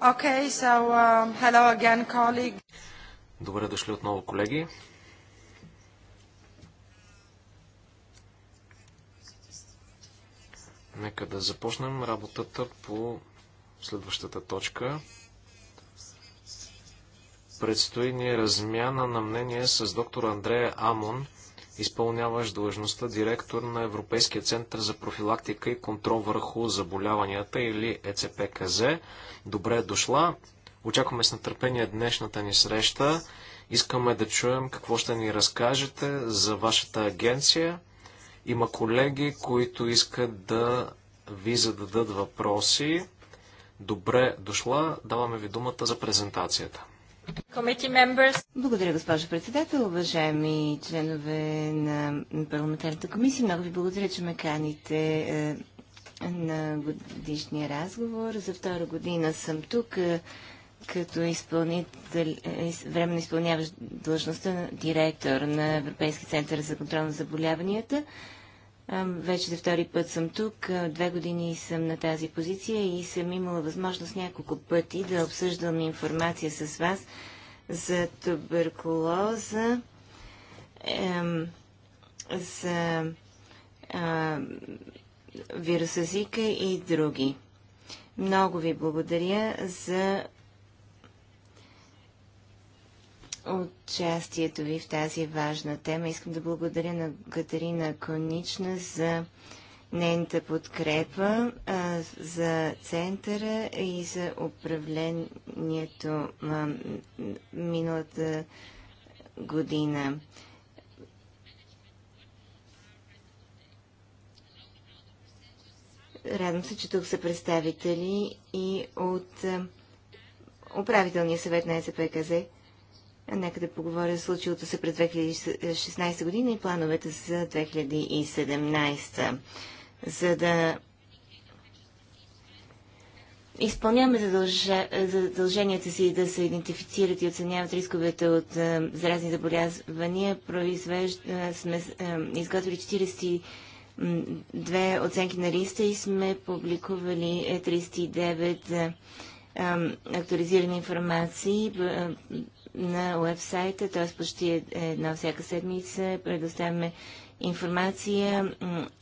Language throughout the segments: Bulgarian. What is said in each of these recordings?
Okay, so, uh, hello again, colleague. Добре дошли отново, колеги. Нека да започнем работата по следващата точка. Предстои ни размяна на мнение с доктор Андрея Амон – изпълняваш длъжността директор на Европейския център за профилактика и контрол върху заболяванията или ЕЦПКЗ. Добре е дошла. Очакваме с нетърпение днешната ни среща. Искаме да чуем какво ще ни разкажете за вашата агенция. Има колеги, които искат да ви зададат въпроси. Добре дошла. Даваме ви думата за презентацията. Благодаря, госпожо председател, уважаеми членове на парламентарната комисия. Много ви благодаря, че ме каните е, на годишния разговор. За втора година съм тук е, като изпълнител, на е, временно изпълняващ длъжността на директор на Европейски център за контрол на заболяванията. Вече за втори път съм тук, две години съм на тази позиция и съм имала възможност няколко пъти да обсъждам информация с вас за туберкулоза, за вирусазика вируса Зика и други. Много ви благодаря за участието ви в тази важна тема. Искам да благодаря на Катерина Конична за нейната подкрепа а, за центъра и за управлението а, миналата година. Радвам се, че тук са представители и от управителния съвет на СПКЗ. Нека да поговоря за случилото се през 2016 година и плановете за 2017, за да изпълняваме задълженията си да се идентифицират и оценяват рисковете от е, заразни заболявания. Произвежд... Е, сме е, изготвили 42 оценки на листа и сме публикували 39 е, актуализирани информации на уебсайта, т.е. почти е, една всяка седмица предоставяме информация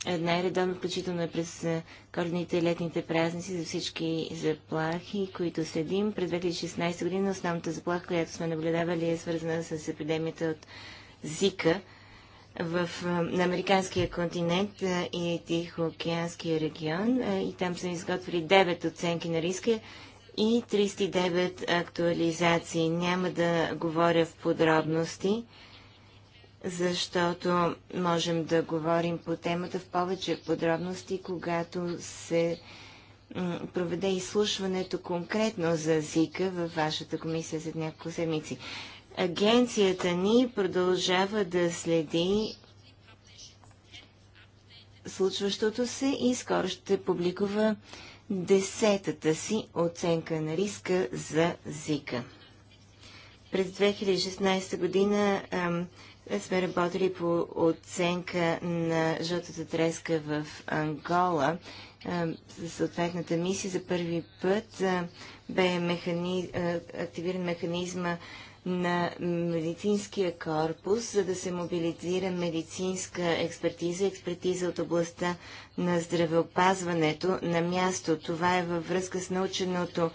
най-редовно, включително е през корените и летните празници за всички заплахи, които следим. През 2016 година основната заплаха, която сме наблюдавали е свързана с епидемията от Зика в на американския континент и Тихоокеанския регион и там са изготвили 9 оценки на риска и 309 актуализации. Няма да говоря в подробности, защото можем да говорим по темата в повече подробности, когато се проведе изслушването конкретно за ЗИКа във вашата комисия за няколко седмици. Агенцията ни продължава да следи случващото се и скоро ще публикува десетата си оценка на риска за Зика. През 2016 година ам, сме работили по оценка на жълтата треска в Ангола. За съответната мисия за първи път а, бе механи... а, активиран механизма на медицинския корпус, за да се мобилизира медицинска експертиза, експертиза от областта на здравеопазването на място. Това е във връзка с наученото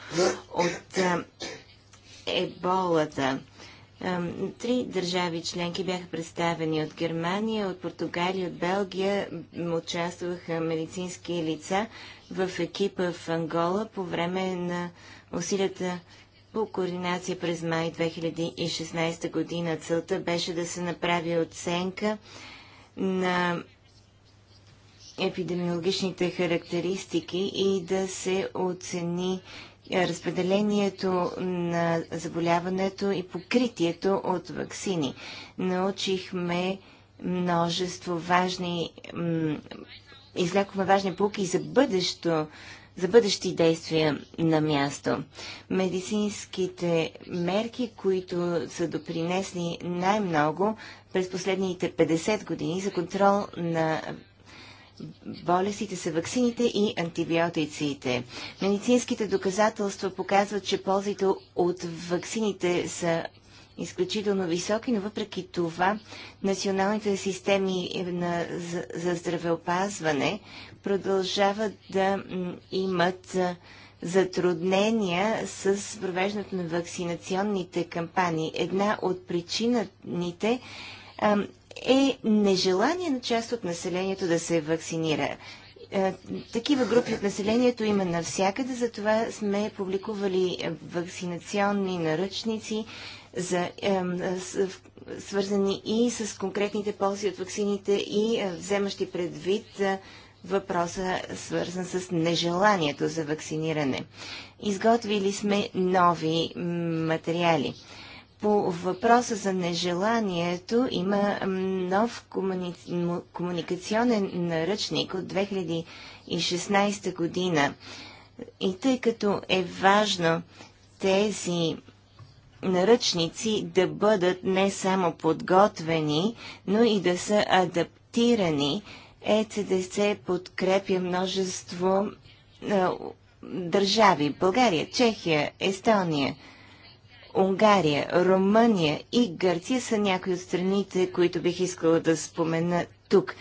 от еболата. три държави членки бяха представени от Германия, от Португалия, от Белгия. Участваха медицински лица в екипа в Ангола по време на усилията по координация през май 2016 година. Целта беше да се направи оценка на епидемиологичните характеристики и да се оцени е, разпределението на заболяването и покритието от вакцини. Научихме множество важни, излякохме важни полки за бъдещо за бъдещи действия на място. Медицинските мерки, които са допринесли най-много през последните 50 години за контрол на болестите са ваксините и антибиотиците. Медицинските доказателства показват, че ползите от ваксините са изключително високи, но въпреки това националните системи за здравеопазване продължават да имат затруднения с провеждането на вакцинационните кампании. Една от причините е нежелание на част от населението да се вакцинира. Такива групи от населението има навсякъде, затова сме публикували вакцинационни наръчници, за, свързани и с конкретните ползи от ваксините и вземащи предвид въпроса свързан с нежеланието за вакциниране. Изготвили сме нови материали. По въпроса за нежеланието има нов комуни... комуникационен наръчник от 2016 година. И тъй като е важно тези наръчници да бъдат не само подготвени, но и да са адаптирани ЕЦДС подкрепя множество а, държави. България, Чехия, Естония, Унгария, Румъния и Гърция са някои от страните, които бих искала да спомена тук.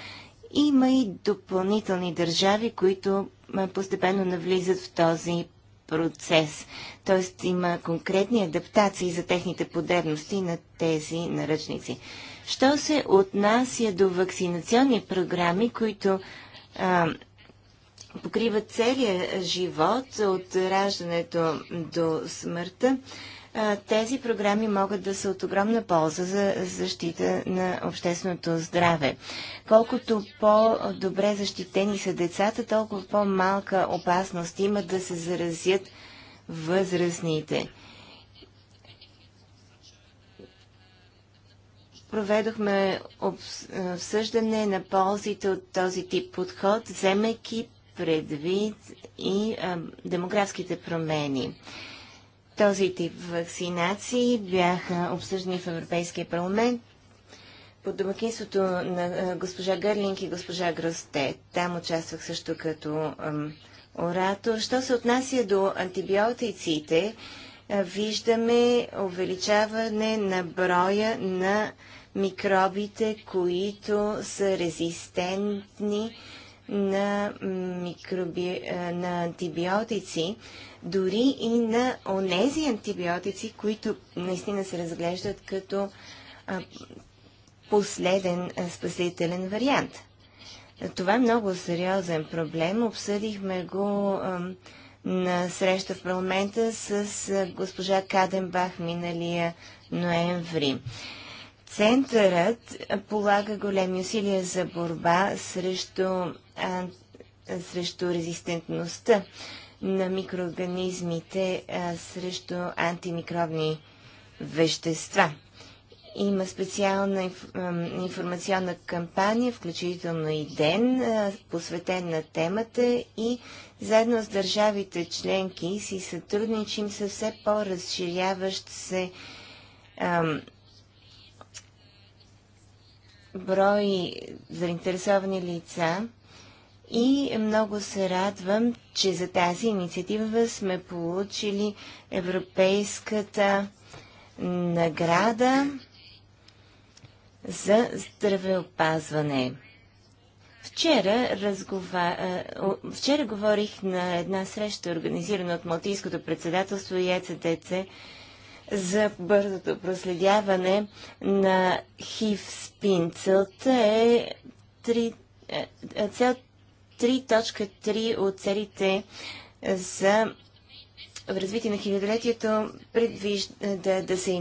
Има и допълнителни държави, които постепенно навлизат в този процес. Тоест има конкретни адаптации за техните потребности на тези наръчници. Що се отнася до вакцинационни програми, които а, покриват целия живот от раждането до смъртта, тези програми могат да са от огромна полза за защита на общественото здраве. Колкото по-добре защитени са децата, толкова по-малка опасност има да се заразят възрастните. проведохме е, обсъждане на ползите от този тип подход, вземайки предвид и а, е, демографските промени. Този тип вакцинации бяха обсъждани в Европейския парламент под домакинството на е, госпожа Гърлинг и госпожа Гросте. Там участвах също като ам, оратор. Що се отнася до антибиотиците, а, виждаме увеличаване на броя на микробите, които са резистентни на, микроби... Е, на антибиотици, дори и на онези антибиотици, които наистина се разглеждат като а, последен а, спасителен вариант. Това е много сериозен проблем. Обсъдихме го а, на среща в парламента с госпожа Каденбах миналия ноември. Центърът полага големи усилия за борба срещу, а, срещу резистентността на микроорганизмите а, срещу антимикробни вещества. Има специална инф, а, информационна кампания, включително и ден, а, посветен на темата и заедно с държавите членки си сътрудничим с все по-разширяващ се а, брой заинтересовани лица и много се радвам, че за тази инициатива сме получили Европейската награда за здравеопазване. Вчера, разгова... Вчера говорих на една среща, организирана от Малтийското председателство и ЕЦДЦ за бързото проследяване на хив спин. Целта е 3.3 е, е, от целите за в развитие на хилядолетието предвижда да, да се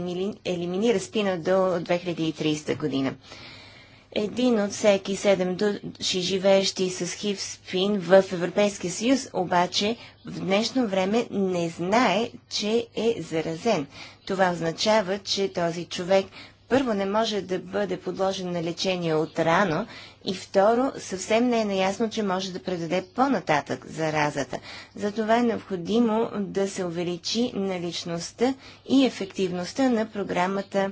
елиминира спина до 2030 година един от всеки седем души, живеещи с хив спин в Европейския съюз, обаче в днешно време не знае, че е заразен. Това означава, че този човек първо не може да бъде подложен на лечение от рано и второ съвсем не е наясно, че може да предаде по-нататък заразата. Затова е необходимо да се увеличи наличността и ефективността на програмата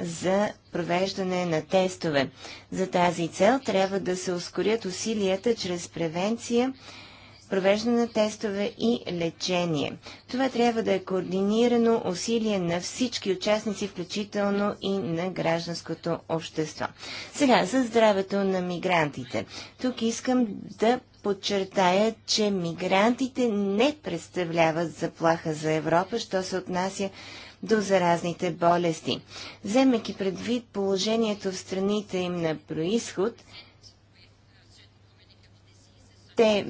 за провеждане на тестове. За тази цел трябва да се ускорят усилията чрез превенция, провеждане на тестове и лечение. Това трябва да е координирано усилие на всички участници, включително и на гражданското общество. Сега, за здравето на мигрантите. Тук искам да подчертая, че мигрантите не представляват заплаха за Европа, що се отнася до заразните болести. Вземайки предвид положението в страните им на происход, те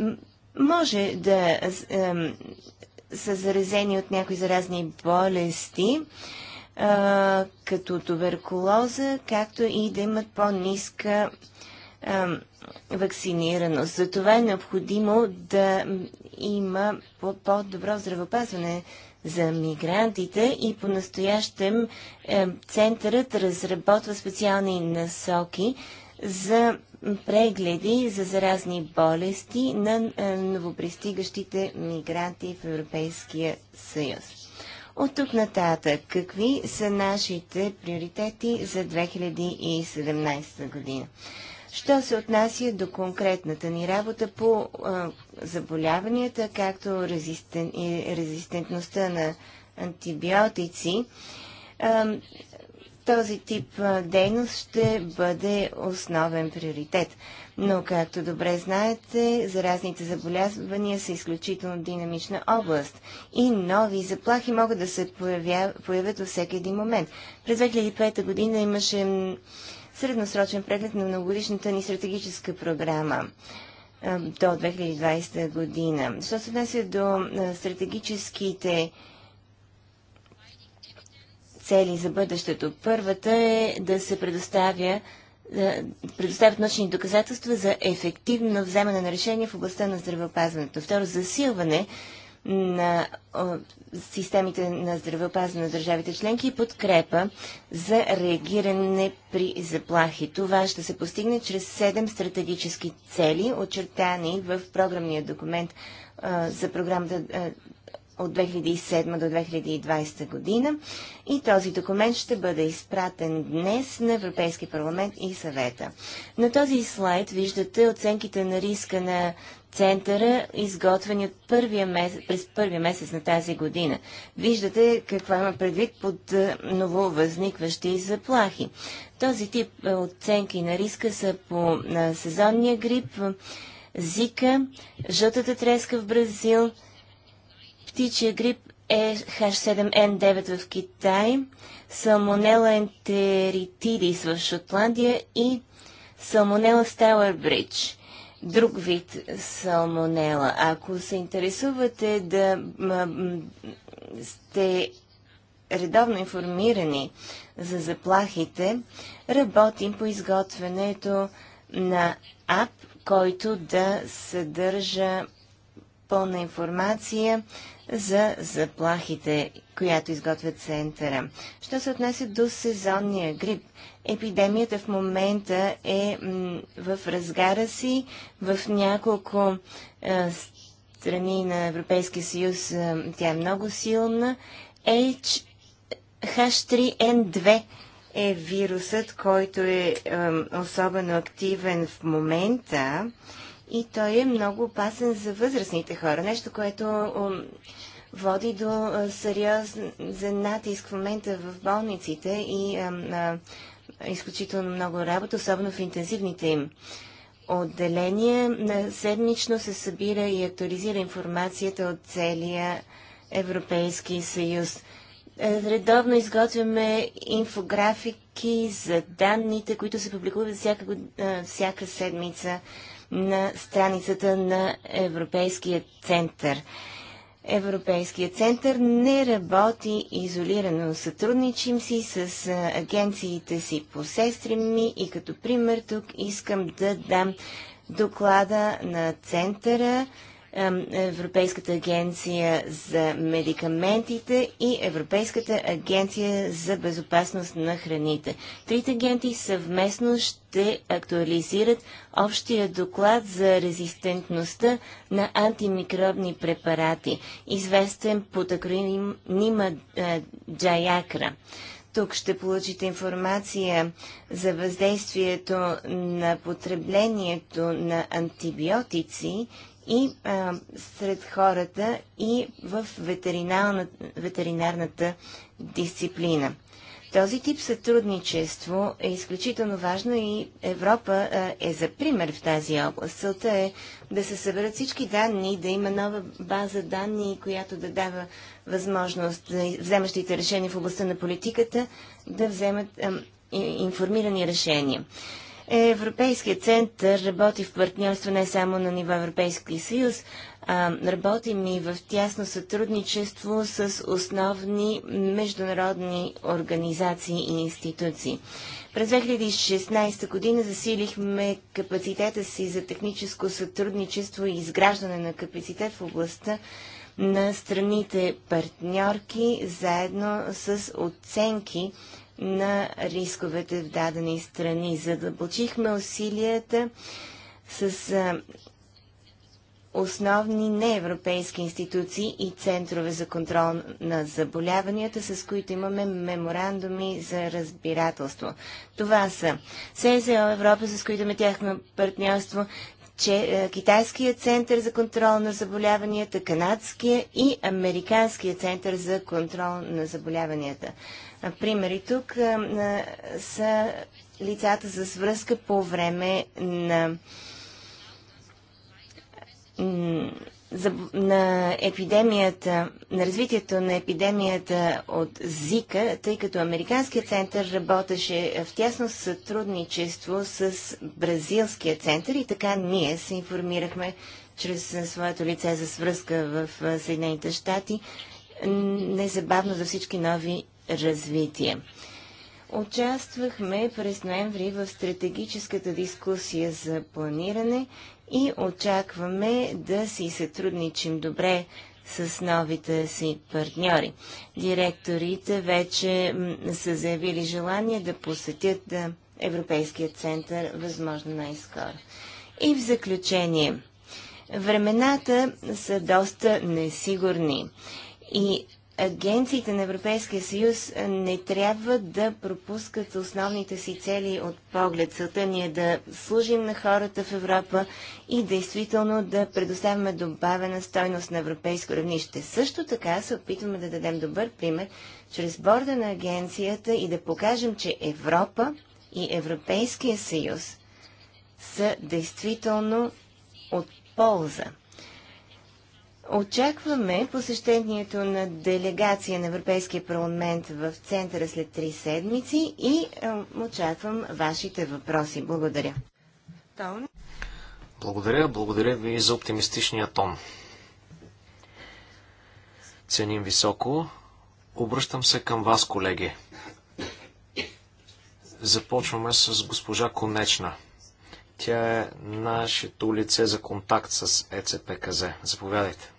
може да е, са заразени от някои заразни болести, е, като туберкулоза, както и да имат по-ниска е, вакцинираност. Затова е необходимо да има по-добро -по здравопазване за мигрантите и по-настоящем е, центърът разработва специални насоки за прегледи за заразни болести на е, новопристигащите мигранти в Европейския съюз. От тук нататък, какви са нашите приоритети за 2017 година? Що се отнася до конкретната ни работа по е, заболяванията, както резистен, и резистентността на антибиотици, този тип дейност ще бъде основен приоритет. Но, както добре знаете, заразните заболявания са изключително динамична област и нови заплахи могат да се появя, появят във всеки един момент. През 2005 година имаше средносрочен преглед на многогодишната ни стратегическа програма до 2020 година. Що се отнася до стратегическите цели за бъдещето. Първата е да се предоставя предоставят научни доказателства за ефективно вземане на решения в областта на здравеопазването. Второ, засилване на системите на здравеопазване на държавите членки и подкрепа за реагиране при заплахи. Това ще се постигне чрез седем стратегически цели, очертани в програмния документ а, за програмата от 2007 до 2020 година. И този документ ще бъде изпратен днес на Европейски парламент и съвета. На този слайд виждате оценките на риска на центъра, изготвени от първия месец, през първия месец на тази година. Виждате какво има предвид под е, нововъзникващи заплахи. Този тип е, оценки на риска са по на е, сезонния грип, зика, жълтата треска в Бразил, птичия грип h 7 n 9 в Китай, салмонела ентеритидис в Шотландия и салмонела Бридж друг вид салмонела. Ако се интересувате да сте редовно информирани за заплахите, работим по изготвянето на ап, който да съдържа пълна информация за заплахите, която изготвя центъра. Що се отнася до сезонния грип, Епидемията в момента е в разгара си. В няколко е, страни на Европейския съюз е, тя е много силна. H, 3 n 2 е вирусът, който е, е, особено активен в момента и той е много опасен за възрастните хора. Нещо, което води до сериозен натиск в момента в болниците и а, изключително много работа, особено в интензивните им отделения. На седмично се събира и актуализира информацията от целия Европейски съюз. Е, редовно изготвяме инфографики за данните, които се публикуват всяка, е, всяка седмица на страницата на Европейския център. Европейския център не работи изолирано. Сътрудничим си с агенциите си по сестри ми и като пример тук искам да дам доклада на центъра Европейската агенция за медикаментите и Европейската агенция за безопасност на храните. Трите агенти съвместно ще актуализират общия доклад за резистентността на антимикробни препарати, известен под акронима Джаякра. Тук ще получите информация за въздействието на потреблението на антибиотици и а, сред хората, и в ветеринарната дисциплина. Този тип сътрудничество е изключително важно и Европа а, е за пример в тази област. Целта е да се съберат всички данни, да има нова база данни, която да дава възможност да вземащите решения в областта на политиката да вземат а, информирани решения. Европейският център работи в партньорство не само на ниво Европейски съюз, а работим и в тясно сътрудничество с основни международни организации и институции. През 2016 година засилихме капацитета си за техническо сътрудничество и изграждане на капацитет в областта на страните партньорки, заедно с оценки на рисковете в дадени страни. Задълбочихме усилията с а, основни неевропейски институции и центрове за контрол на заболяванията, с които имаме меморандуми за разбирателство. Това са СЕЗО Европа, с които тяхно партньорство, че Китайския център за контрол на заболяванията, Канадския и Американския център за контрол на заболяванията примери тук а, са лицата с връзка по време на, на епидемията, на развитието на епидемията от Зика, тъй като Американският център работеше в тясно сътрудничество с Бразилския център и така ние се информирахме чрез своето лице за свръзка в Съединените щати незабавно за всички нови развитие. Участвахме през ноември в стратегическата дискусия за планиране и очакваме да си сътрудничим добре с новите си партньори. Директорите вече са заявили желание да посетят да, Европейския център възможно най-скоро. И в заключение, времената са доста несигурни и агенциите на Европейския съюз е, не трябва да пропускат основните си цели от поглед. Целта ни е да служим на хората в Европа и действително да предоставяме добавена стойност на европейско равнище. Също така се опитваме да дадем добър пример чрез борда на агенцията и да покажем, че Европа и Европейския съюз са действително от полза Очакваме посещението на делегация на Европейския парламент в центъра след три седмици и е, очаквам вашите въпроси. Благодаря. Благодаря, благодаря ви за оптимистичния тон. Ценим високо. Обръщам се към вас, колеги. Започваме с госпожа Конечна. Тя е нашето лице за контакт с ЕЦПКЗ. Заповядайте.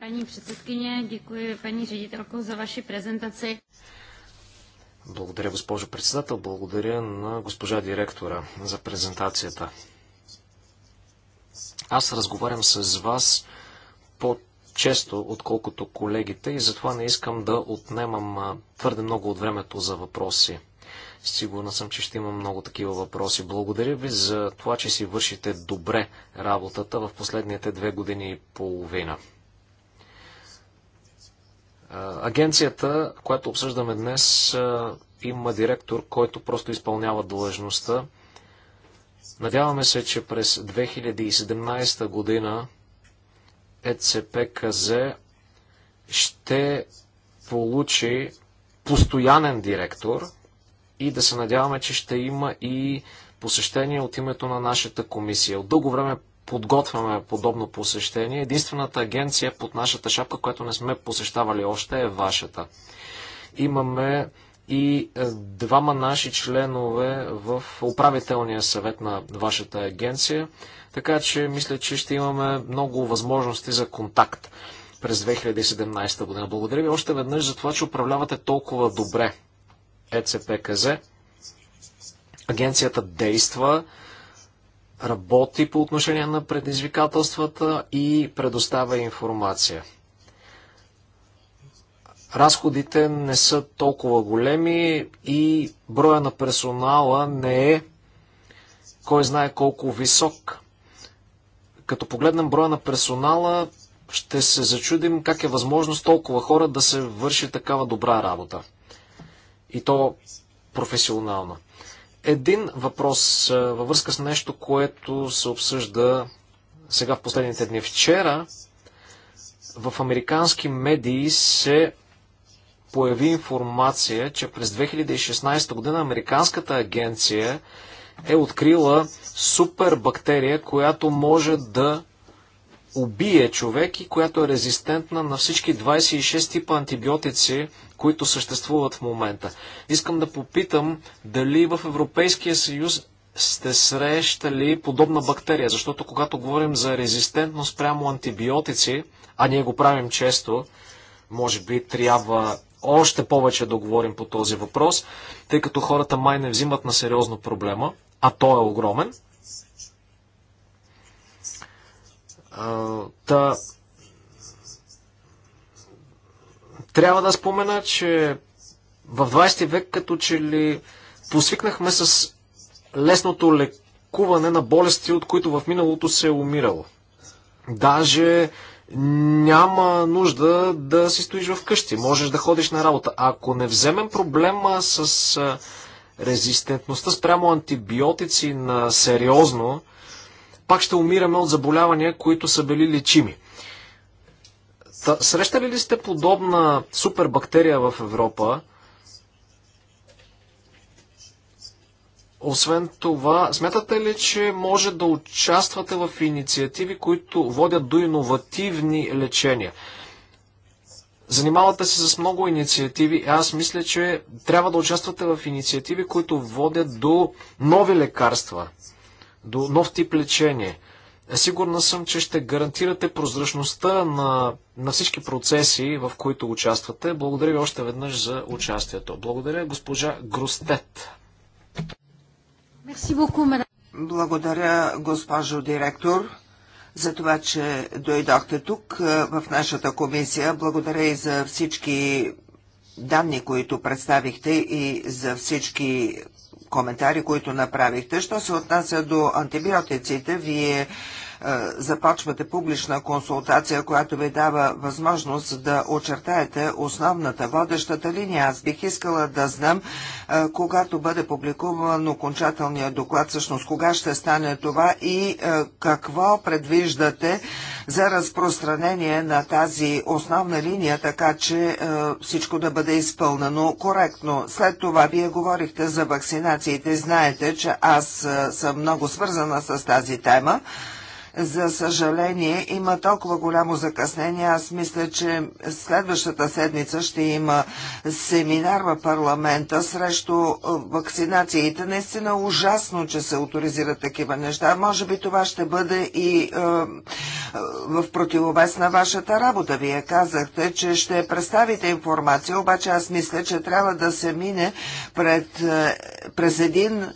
Пани předsedkyně, děkuji пани ředitelko за vaši prezentaci. Благодаря, госпожо председател. Благодаря на госпожа директора за презентацията. Аз разговарям с вас по-често, отколкото колегите и затова не искам да отнемам твърде много от времето за въпроси. Сигурна съм, че ще имам много такива въпроси. Благодаря ви за това, че си вършите добре работата в последните две години и половина. Агенцията, която обсъждаме днес, има директор, който просто изпълнява длъжността. Надяваме се, че през 2017 година ЕЦПКЗ ще получи постоянен директор и да се надяваме, че ще има и посещение от името на нашата комисия. От дълго време подготвяме подобно посещение. Единствената агенция под нашата шапка, която не сме посещавали още, е вашата. Имаме и е, двама наши членове в управителния съвет на вашата агенция, така че мисля, че ще имаме много възможности за контакт през 2017 година. Благодаря ви още веднъж за това, че управлявате толкова добре ЕЦПКЗ. Агенцията действа, работи по отношение на предизвикателствата и предоставя информация. Разходите не са толкова големи и броя на персонала не е кой знае колко висок. Като погледнем броя на персонала, ще се зачудим как е възможно с толкова хора да се върши такава добра работа. И то професионална. Един въпрос във връзка с нещо, което се обсъжда сега в последните дни. Вчера в американски медии се появи информация, че през 2016 година Американската агенция е открила супербактерия, която може да убие човек и която е резистентна на всички 26 типа антибиотици, които съществуват в момента. Искам да попитам дали в Европейския съюз сте срещали подобна бактерия, защото когато говорим за резистентност прямо антибиотици, а ние го правим често, може би трябва още повече да говорим по този въпрос, тъй като хората май не взимат на сериозно проблема, а той е огромен. Та, трябва да спомена, че в 20 век като че ли посвикнахме с лесното лекуване на болести, от които в миналото се е умирало. Даже няма нужда да си стоиш вкъщи. Можеш да ходиш на работа. Ако не вземем проблема с резистентността спрямо антибиотици на сериозно, пак ще умираме от заболявания, които са били лечими. Та, срещали ли сте подобна супербактерия в Европа? Освен това, смятате ли, че може да участвате в инициативи, които водят до иновативни лечения? Занимавате се с много инициативи. и Аз мисля, че трябва да участвате в инициативи, които водят до нови лекарства, до нов тип лечение. Сигурна съм, че ще гарантирате прозрачността на, на всички процеси, в които участвате. Благодаря ви още веднъж за участието. Благодаря госпожа Грустет. Благодаря, госпожо директор, за това, че дойдохте тук е, в нашата комисия. Благодаря и за всички данни, които представихте и за всички коментари, които направихте. Що се отнася до антибиотиците, вие е, започвате публична консултация, която ви дава възможност да очертаете основната водещата линия. Аз бих искала да знам, е, когато бъде публикуван окончателният доклад, всъщност кога ще стане това и е, какво предвиждате за разпространение на тази основна линия, така че всичко да бъде изпълнено коректно. След това вие говорихте за вакцинациите. Знаете, че аз съм много свързана с тази тема за съжаление, има толкова голямо закъснение. Аз мисля, че следващата седмица ще има семинар в парламента срещу вакцинациите. Наистина ужасно, че се авторизират такива неща. Може би това ще бъде и е, в противовес на вашата работа. Вие казахте, че ще представите информация, обаче аз мисля, че трябва да се мине пред, през един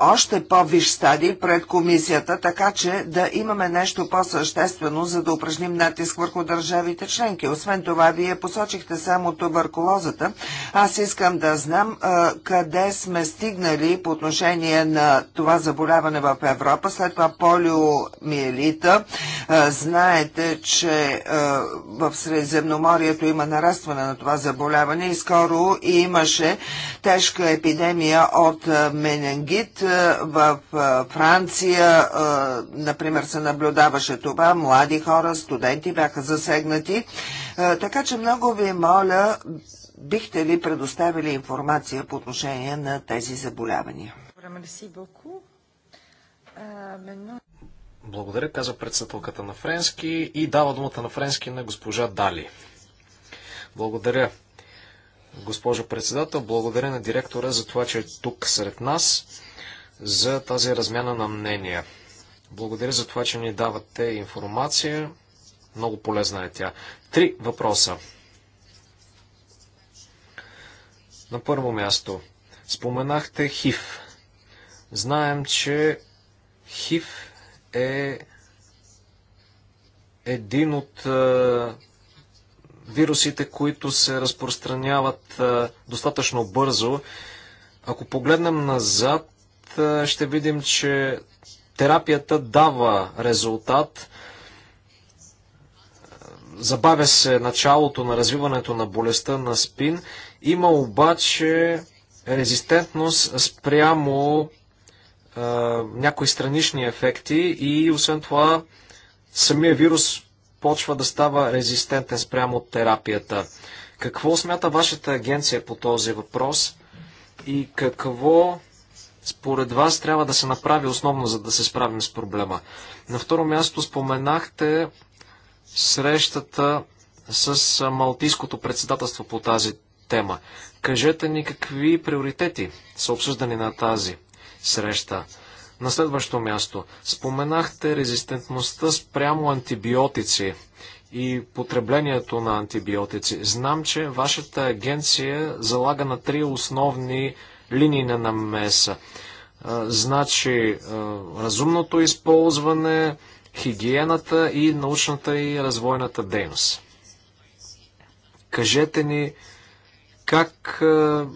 още по-виш стадий пред комисията, така че да имаме нещо по-съществено, за да упражним натиск върху държавите членки. Освен това, вие посочихте само туберкулозата. Аз искам да знам а, къде сме стигнали по отношение на това заболяване в Европа. След това полиомиелита. А, знаете, че а, в Средиземноморието има нарастване на това заболяване и скоро имаше тежка епидемия от а, менингит, в Франция, например, се наблюдаваше това. Млади хора, студенти бяха засегнати. Така че много ви моля, бихте ли предоставили информация по отношение на тези заболявания? Благодаря, каза председателката на Френски и дава думата на Френски на госпожа Дали. Благодаря, госпожо председател. Благодаря на директора за това, че е тук сред нас за тази размяна на мнения. Благодаря за това, че ни давате информация. Много полезна е тя. Три въпроса. На първо място, споменахте ХИВ. Знаем, че ХИВ е един от е, вирусите, които се разпространяват е, достатъчно бързо. Ако погледнем назад, ще видим, че терапията дава резултат. Забавя се началото на развиването на болестта на спин. Има обаче резистентност спрямо е, някои странични ефекти и освен това самия вирус почва да става резистентен спрямо терапията. Какво смята вашата агенция по този въпрос и какво според вас трябва да се направи основно, за да се справим с проблема? На второ място споменахте срещата с Малтийското председателство по тази тема. Кажете ни какви приоритети са обсъждани на тази среща. На следващо място, споменахте резистентността спрямо антибиотици и потреблението на антибиотици. Знам, че вашата агенция залага на три основни линии на намеса. Значи разумното използване, хигиената и научната и развойната дейност. Кажете ни как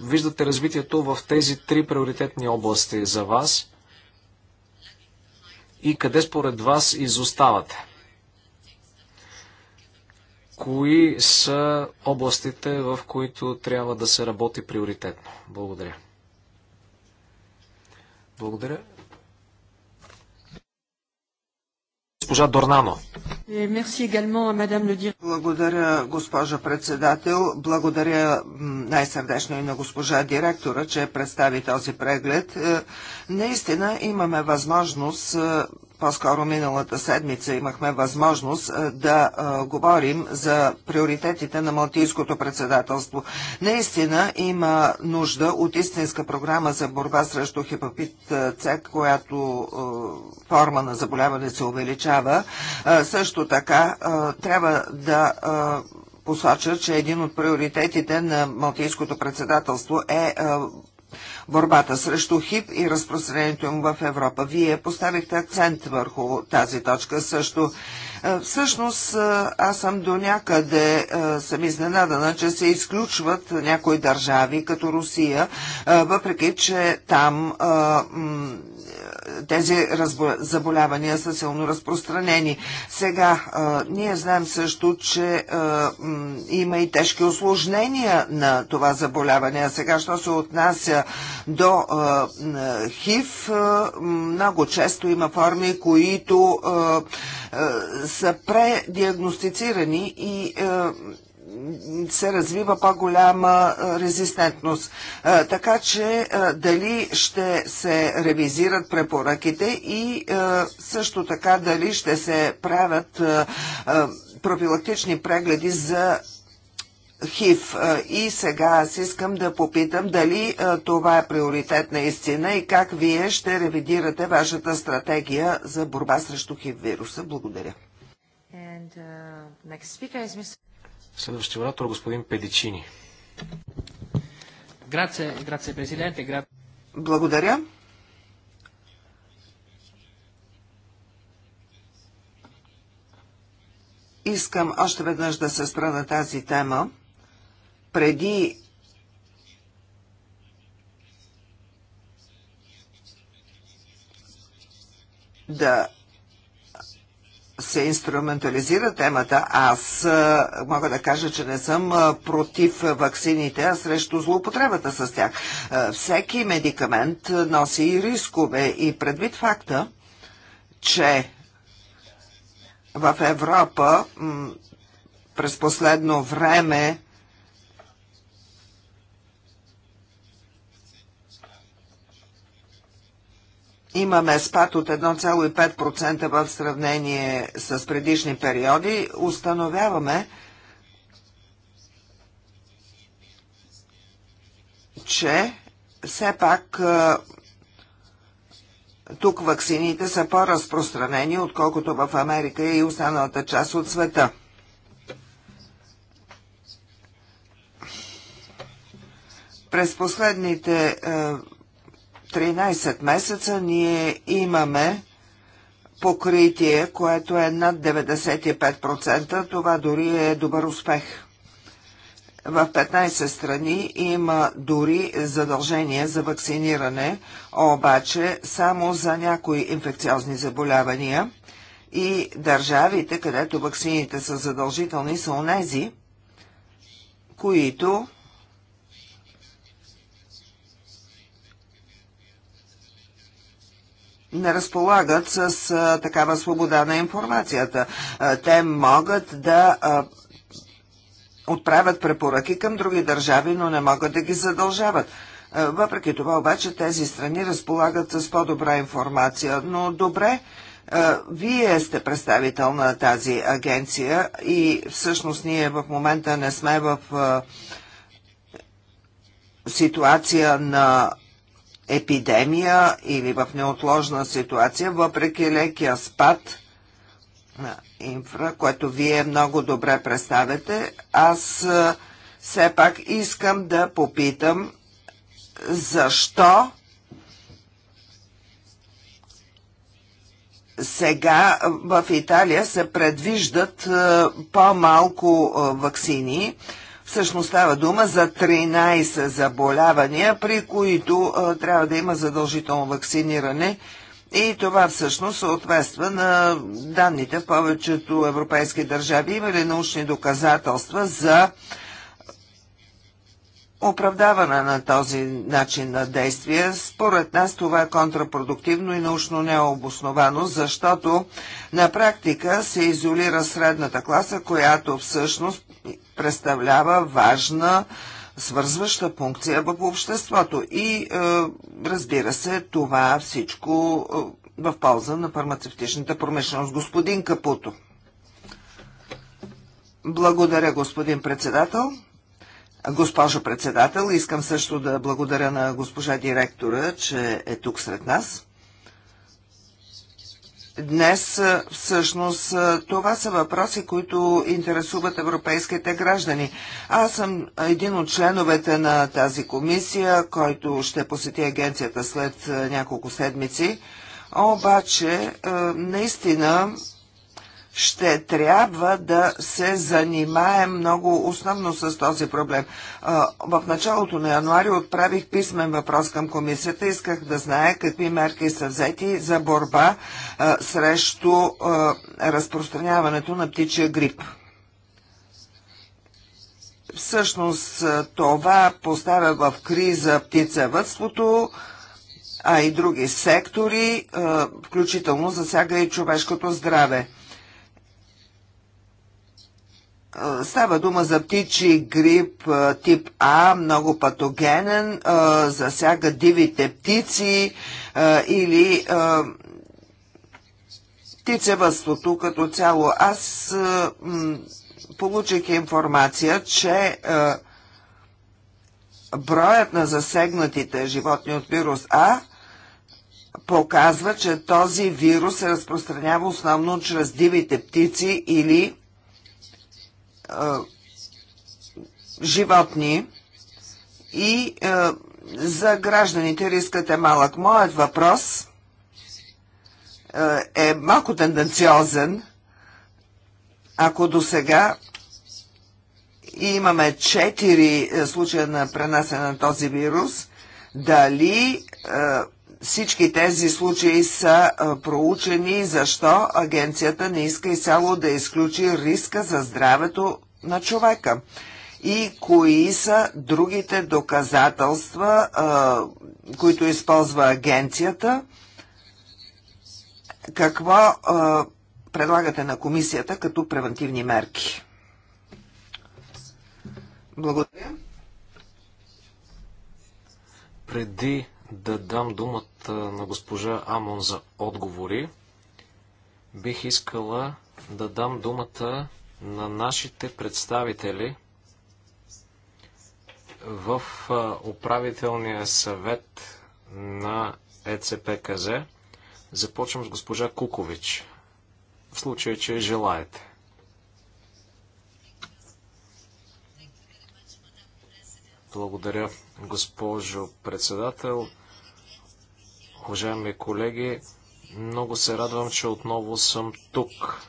виждате развитието в тези три приоритетни области за вас и къде според вас изоставате? кои са областите, в които трябва да се работи приоритетно? Благодаря. Благодаря. Госпожа Дорнано. Е, Благодаря, госпожа председател. Благодаря най-сърдечно и на госпожа директора, че представи този преглед. Е, наистина имаме възможност е, по-скоро миналата седмица имахме възможност да говорим за приоритетите на Малтийското председателство. Наистина има нужда от истинска програма за борба срещу хипопит С, която форма на заболяване се увеличава. Също така трябва да посоча, че един от приоритетите на Малтийското председателство е борбата срещу ХИП и разпространението му в Европа. Вие поставихте акцент върху тази точка също. Е, всъщност е, аз съм до някъде е, съм изненадана, че се изключват някои държави, като Русия, въпреки че там тези заболявания са силно разпространени. Сега, ние знаем също, че има и тежки осложнения на това заболяване. А сега, що се отнася до ХИВ, много често има форми, които са предиагностицирани и е, се развива по-голяма е, резистентност. Е, така че дали ще се ревизират препоръките и също така дали ще се правят профилактични прегледи за ХИВ. И сега аз искам да попитам дали това е приоритет наистина и как вие ще ревидирате вашата стратегия за борба срещу ХИВ вируса. Благодаря. Uh, Следващия оратор господин Педичини. Grazie, grazie Presidente. Gra... Благодаря. Искам още веднъж да се спра на тази тема. Преди да се инструментализира темата. Аз мога да кажа, че не съм против ваксините, а срещу злоупотребата с тях. Всеки медикамент носи и рискове и предвид факта, че в Европа през последно време имаме спад от 1,5% в сравнение с предишни периоди, установяваме, че все пак тук ваксините са по-разпространени, отколкото в Америка и останалата част от света. През последните 13 месеца ние имаме покритие, което е над 95%. Това дори е добър успех. В 15 страни има дори задължение за вакциниране, обаче само за някои инфекциозни заболявания и държавите, където вакцините са задължителни, са онези, които не разполагат с а, такава свобода на информацията. А, те могат да а, отправят препоръки към други държави, но не могат да ги задължават. А, въпреки това обаче тези страни разполагат с по-добра информация. Но добре, а, вие сте представител на тази агенция и всъщност ние в момента не сме в а, ситуация на епидемия или в неотложна ситуация, въпреки лекия спад на инфра, което вие много добре представяте, аз все пак искам да попитам защо сега в Италия се предвиждат по-малко вакцини, Всъщност става дума за 13 заболявания, при които а, трябва да има задължително вакциниране. И това всъщност съответства на данните в повечето европейски държави. Има ли научни доказателства за оправдаване на този начин на действие. Според нас това е контрапродуктивно и научно необосновано, защото на практика се изолира средната класа, която всъщност представлява важна свързваща функция в обществото. И е, разбира се, това всичко е, в полза на фармацевтичната промишленост. Господин Капуто. Благодаря, господин председател. Госпожо председател, искам също да благодаря на госпожа директора, че е тук сред нас. Днес всъщност това са въпроси, които интересуват европейските граждани. Аз съм един от членовете на тази комисия, който ще посети агенцията след няколко седмици. Обаче, наистина, ще трябва да се занимаем много основно с този проблем. В началото на януари отправих писмен въпрос към комисията. Исках да знае какви мерки са взети за борба срещу разпространяването на птичия грип. Всъщност това поставя в криза птицевътството, а и други сектори, включително засяга и човешкото здраве. Става дума за птичи грип тип А, много патогенен, засяга дивите птици или птицевъството като цяло. Аз получих информация, че броят на засегнатите животни от вирус А показва, че този вирус се разпространява основно чрез дивите птици или животни и за гражданите рискът е малък. Моят въпрос е малко тенденциозен, ако до сега имаме 4 случая на пренасене на този вирус, дали всички тези случаи са проучени и защо агенцията не иска изцяло да изключи риска за здравето на човека и кои са другите доказателства, които използва агенцията, какво предлагате на комисията като превентивни мерки. Благодаря. Преди да дам думата на госпожа Амон за отговори. Бих искала да дам думата на нашите представители в управителния съвет на ЕЦПКЗ. Започвам с госпожа Кукович, в случай, че желаете. Благодаря, госпожо председател. Уважаеми колеги, много се радвам, че отново съм тук.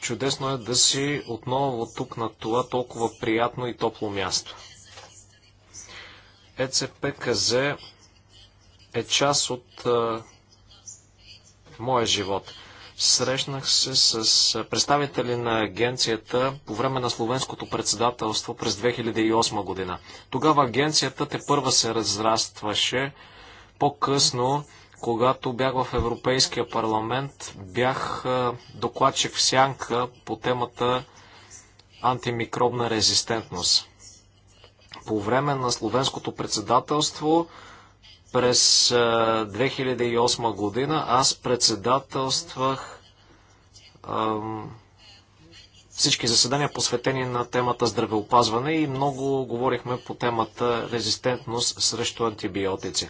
Чудесно е да си отново тук на това толкова приятно и топло място. ЕЦПКЗ е част от а, моя живот. Срещнах се с представители на агенцията по време на словенското председателство през 2008 година. Тогава агенцията те първа се разрастваше. По-късно, когато бях в Европейския парламент, бях докладчик в сянка по темата антимикробна резистентност. По време на словенското председателство през 2008 година аз председателствах всички заседания, посветени на темата здравеопазване и много говорихме по темата резистентност срещу антибиотици.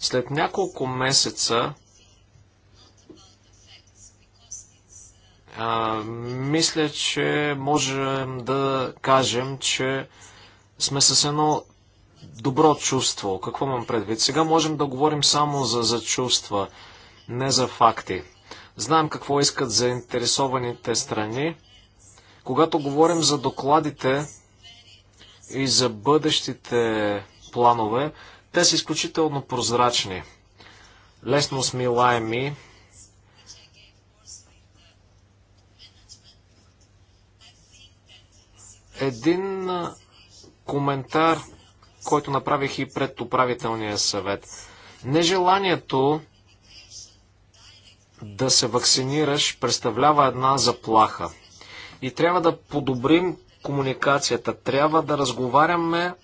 След няколко месеца а, мисля, че можем да кажем, че сме с едно добро чувство. Какво имам предвид? Сега можем да говорим само за, за чувства, не за факти. Знаем какво искат заинтересованите страни. Когато говорим за докладите и за бъдещите планове, те са изключително прозрачни, лесно смилаеми. Един коментар който направих и пред управителния съвет. Нежеланието да се вакцинираш представлява една заплаха. И трябва да подобрим комуникацията. Трябва да разговаряме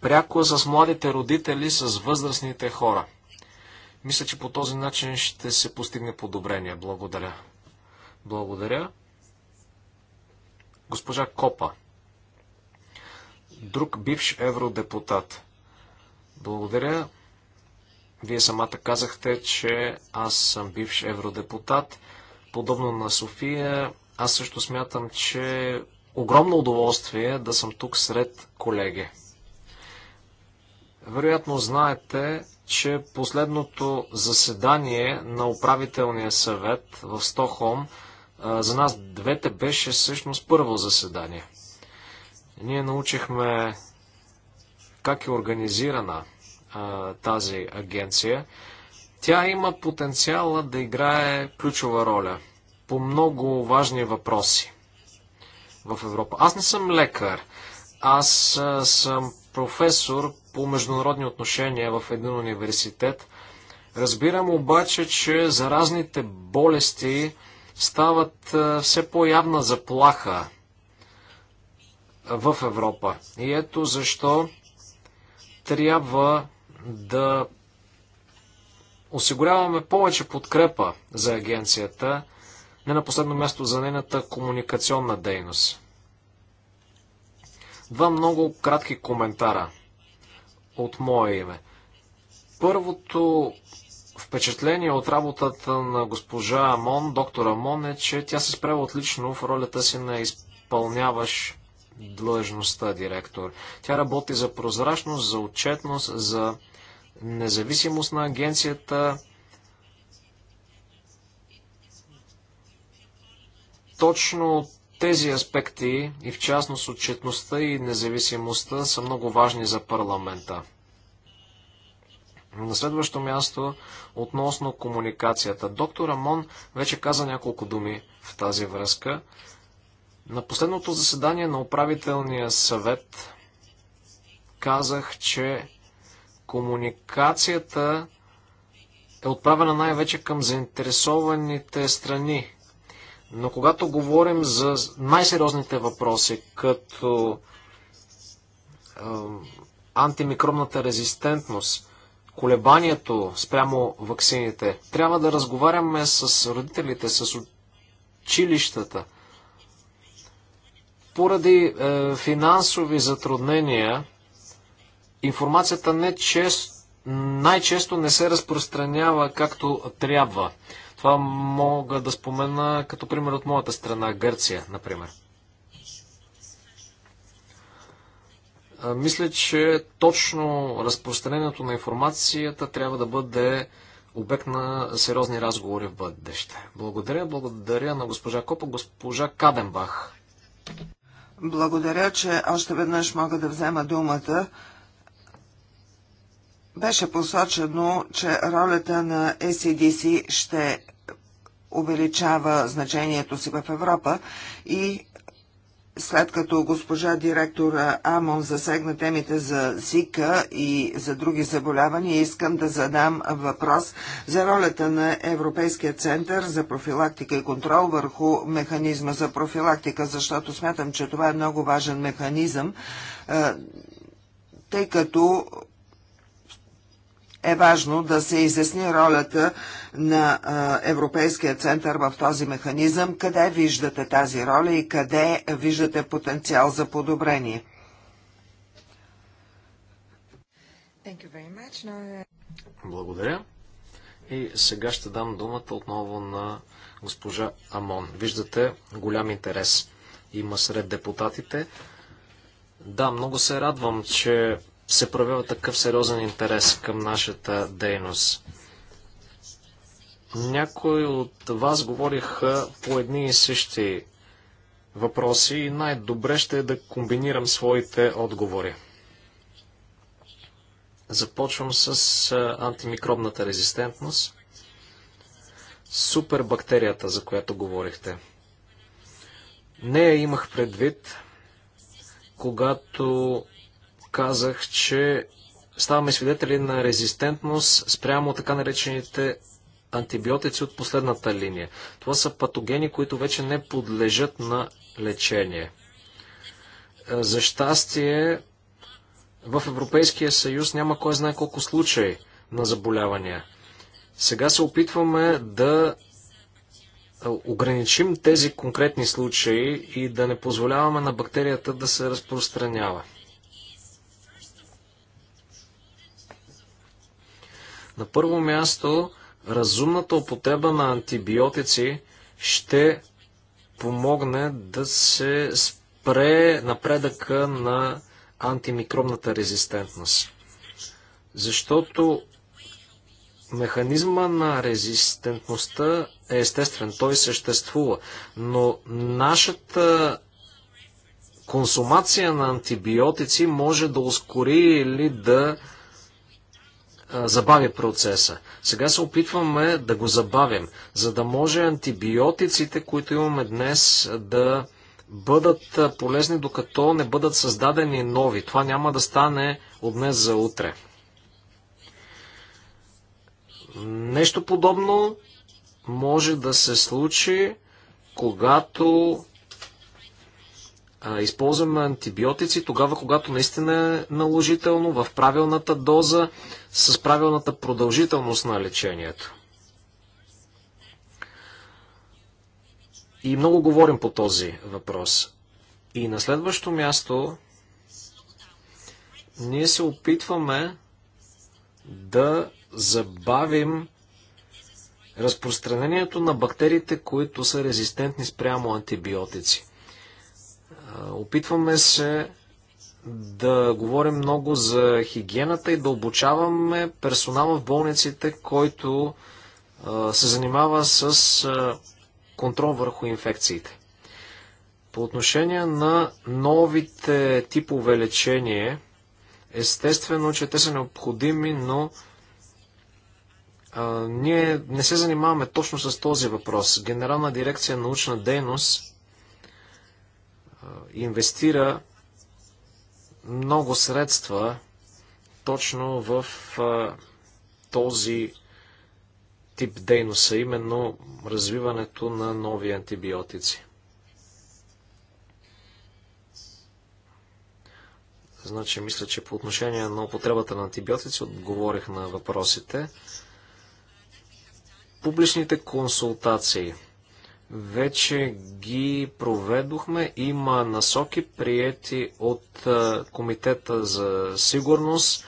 пряко с младите родители, с възрастните хора. Мисля, че по този начин ще се постигне подобрение. Благодаря. Благодаря. Госпожа Копа друг бивш евродепутат. Благодаря. Вие самата казахте, че аз съм бивш евродепутат. Подобно на София, аз също смятам, че огромно удоволствие да съм тук сред колеги. Вероятно знаете, че последното заседание на управителния съвет в Стохолм за нас двете беше всъщност първо заседание – ние научихме как е организирана а, тази агенция. Тя има потенциала да играе ключова роля по много важни въпроси в Европа. Аз не съм лекар. Аз а, съм професор по международни отношения в един университет. Разбирам обаче, че заразните болести стават а, все по-явна заплаха в Европа. И ето защо трябва да осигуряваме повече подкрепа за агенцията, не на последно място за нейната комуникационна дейност. Два много кратки коментара от мое име. Първото впечатление от работата на госпожа Амон, доктор Амон, е, че тя се справя отлично в ролята си на изпълняващ длъжността директор. Тя работи за прозрачност, за отчетност, за независимост на агенцията. Точно тези аспекти и в частност отчетността и независимостта са много важни за парламента. На следващо място, относно комуникацията. Доктор Амон вече каза няколко думи в тази връзка. На последното заседание на управителния съвет казах, че комуникацията е отправена най-вече към заинтересованите страни. Но когато говорим за най-сериозните въпроси, като е, антимикробната резистентност, колебанието спрямо ваксините, трябва да разговаряме с родителите, с училищата – поради е, финансови затруднения, информацията не чест, най-често не се разпространява както трябва. Това мога да спомена като пример от моята страна, Гърция, например. Е, мисля, че точно разпространението на информацията трябва да бъде обект на сериозни разговори в бъдеще. Благодаря, благодаря на госпожа Копа, госпожа Каденбах. Благодаря, че още веднъж мога да взема думата. Беше посочено, че ролята на ACDC ще увеличава значението си в Европа и след като госпожа директор Амон засегна темите за Зика и за други заболявания, искам да задам въпрос за ролята на Европейския център за профилактика и контрол върху механизма за профилактика, защото смятам, че това е много важен механизъм, е, тъй като е важно да се изясни ролята на Европейския център в този механизъм, къде виждате тази роля и къде виждате потенциал за подобрение. Uh, Благодаря. И сега ще дам думата отново на госпожа Амон. Виждате голям интерес има сред депутатите. Да, много се радвам, че се проявява такъв сериозен интерес към нашата дейност. Някои от вас говориха по едни и същи въпроси и най-добре ще е да комбинирам своите отговори. Започвам с антимикробната резистентност. Супербактерията, за която говорихте. Нея имах предвид, когато казах, че ставаме свидетели на резистентност спрямо така наречените антибиотици от последната линия. Това са патогени, които вече не подлежат на лечение. Е, за щастие, в Европейския съюз няма кой знае колко случаи на заболявания. Сега се опитваме да е, ограничим тези конкретни случаи и да не позволяваме на бактерията да се разпространява. На първо място, разумната употреба на антибиотици ще помогне да се спре напредъка на антимикробната резистентност. Защото механизма на резистентността е естествен, той съществува, но нашата консумация на антибиотици може да ускори или да забави процеса. Сега се опитваме да го забавим, за да може антибиотиците, които имаме днес, да бъдат полезни, докато не бъдат създадени нови. Това няма да стане от днес за утре. Нещо подобно може да се случи, когато използваме антибиотици тогава, когато наистина е наложително, в правилната доза, с правилната продължителност на лечението. И много говорим по този въпрос. И на следващо място ние се опитваме да забавим разпространението на бактериите, които са резистентни спрямо антибиотици. Опитваме се да говорим много за хигиената и да обучаваме персонала в болниците, който се занимава с контрол върху инфекциите. По отношение на новите типове лечение, естествено, че те са необходими, но а, ние не се занимаваме точно с този въпрос. Генерална дирекция научна дейност инвестира много средства точно в този тип дейност, а именно развиването на нови антибиотици. Значи, мисля, че по отношение на употребата на антибиотици отговорих на въпросите. Публичните консултации – вече ги проведохме. Има насоки, приети от Комитета за сигурност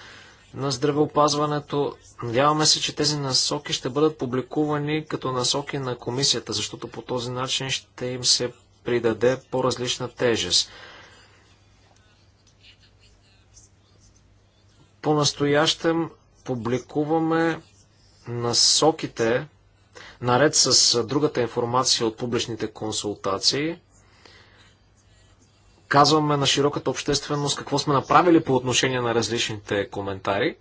на здравеопазването. Надяваме се, че тези насоки ще бъдат публикувани като насоки на комисията, защото по този начин ще им се придаде по-различна тежест. По-настоящем публикуваме насоките наред с другата информация от публичните консултации, казваме на широката общественост какво сме направили по отношение на различните коментари.